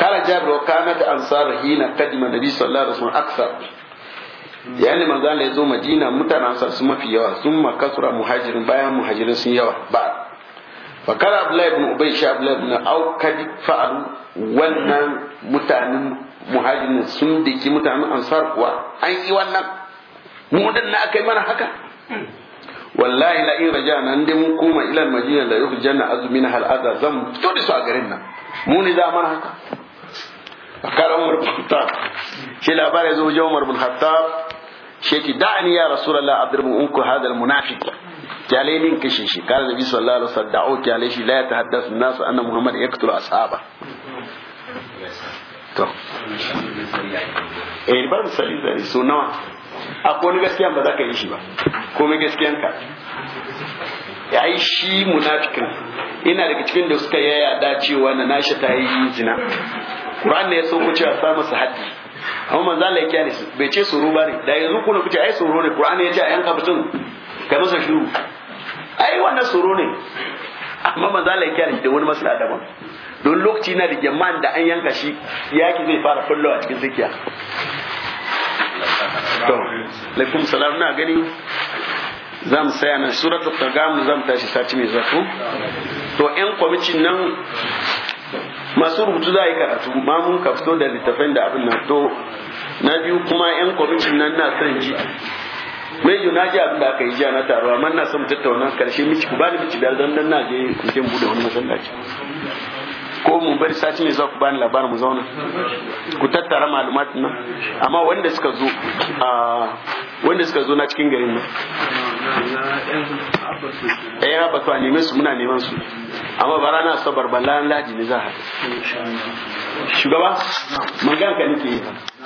قال جابر وكانت أنصار حين قدم النبي صلى الله عليه وسلم أكثر yayin manzo Allah ya zo Madina mutanen ansar sun mafi yawa sun makasura muhajirin bayan muhajirin sun yawa ba fa kala Abdullah ibn Ubay sha Abdullah ibn Au kadi fa'alu wannan mutanen muhajirin sun diki mutanen ansar kuwa an yi wannan mu din na akai mana haka wallahi la in rajana inda mun koma ila Madina la yukhjanna azmina hal adha zam da su a garin nan mu ne za mana haka a karan umar bin khattab shi labarai zo wajen umar bin khattab shi ki da'ani ya rasulullah adribu unku hada almunafiq kyale min kyale shi la yatahaddathu an-nas to eh bar misali da so nawa akwai wani gaskiya ba za ka yi shi ba komai gaskiyan ka ya yi shi munafikin ina daga cikin da suka yaya da cewa na nasha ta yi zina Qur'an ne ya so ku a samu su haddi amma manzo Allah ya kiyaye su bai ce tsoro bane da yanzu kuna kuce ai tsoro ne Qur'an ya ce ayan ka mutum ka masa shiru ai wannan tsoro ne amma manzo Allah ya kiyaye da wani masala daban don lokaci na da jama'an da an yanka shi yaki zai fara kullu a cikin zikiya to alaikum salam na gani za mu saya nan suratul tagam za mu tashi sati mai zato to ƴan kwamitin nan masu rubutu za a yi karatu ma mun ka fito da littafin da abin nan to na biyu kuma yan kwamishin nan na son ji mejo na ji abin da aka yi jiya na taro amma na son tattauna karshe miki ku bani miki da nan na je kujin bude wani masallaci ko mu bari sati mai zuwa ku bani labarin mu zauna ku tattara malumat nan amma wanda suka zo wanda suka zo na cikin garin nan eh ba batu a neme su muna neman su amma ba rana sabar ba laji ne za ha shugaba magana ka nake yi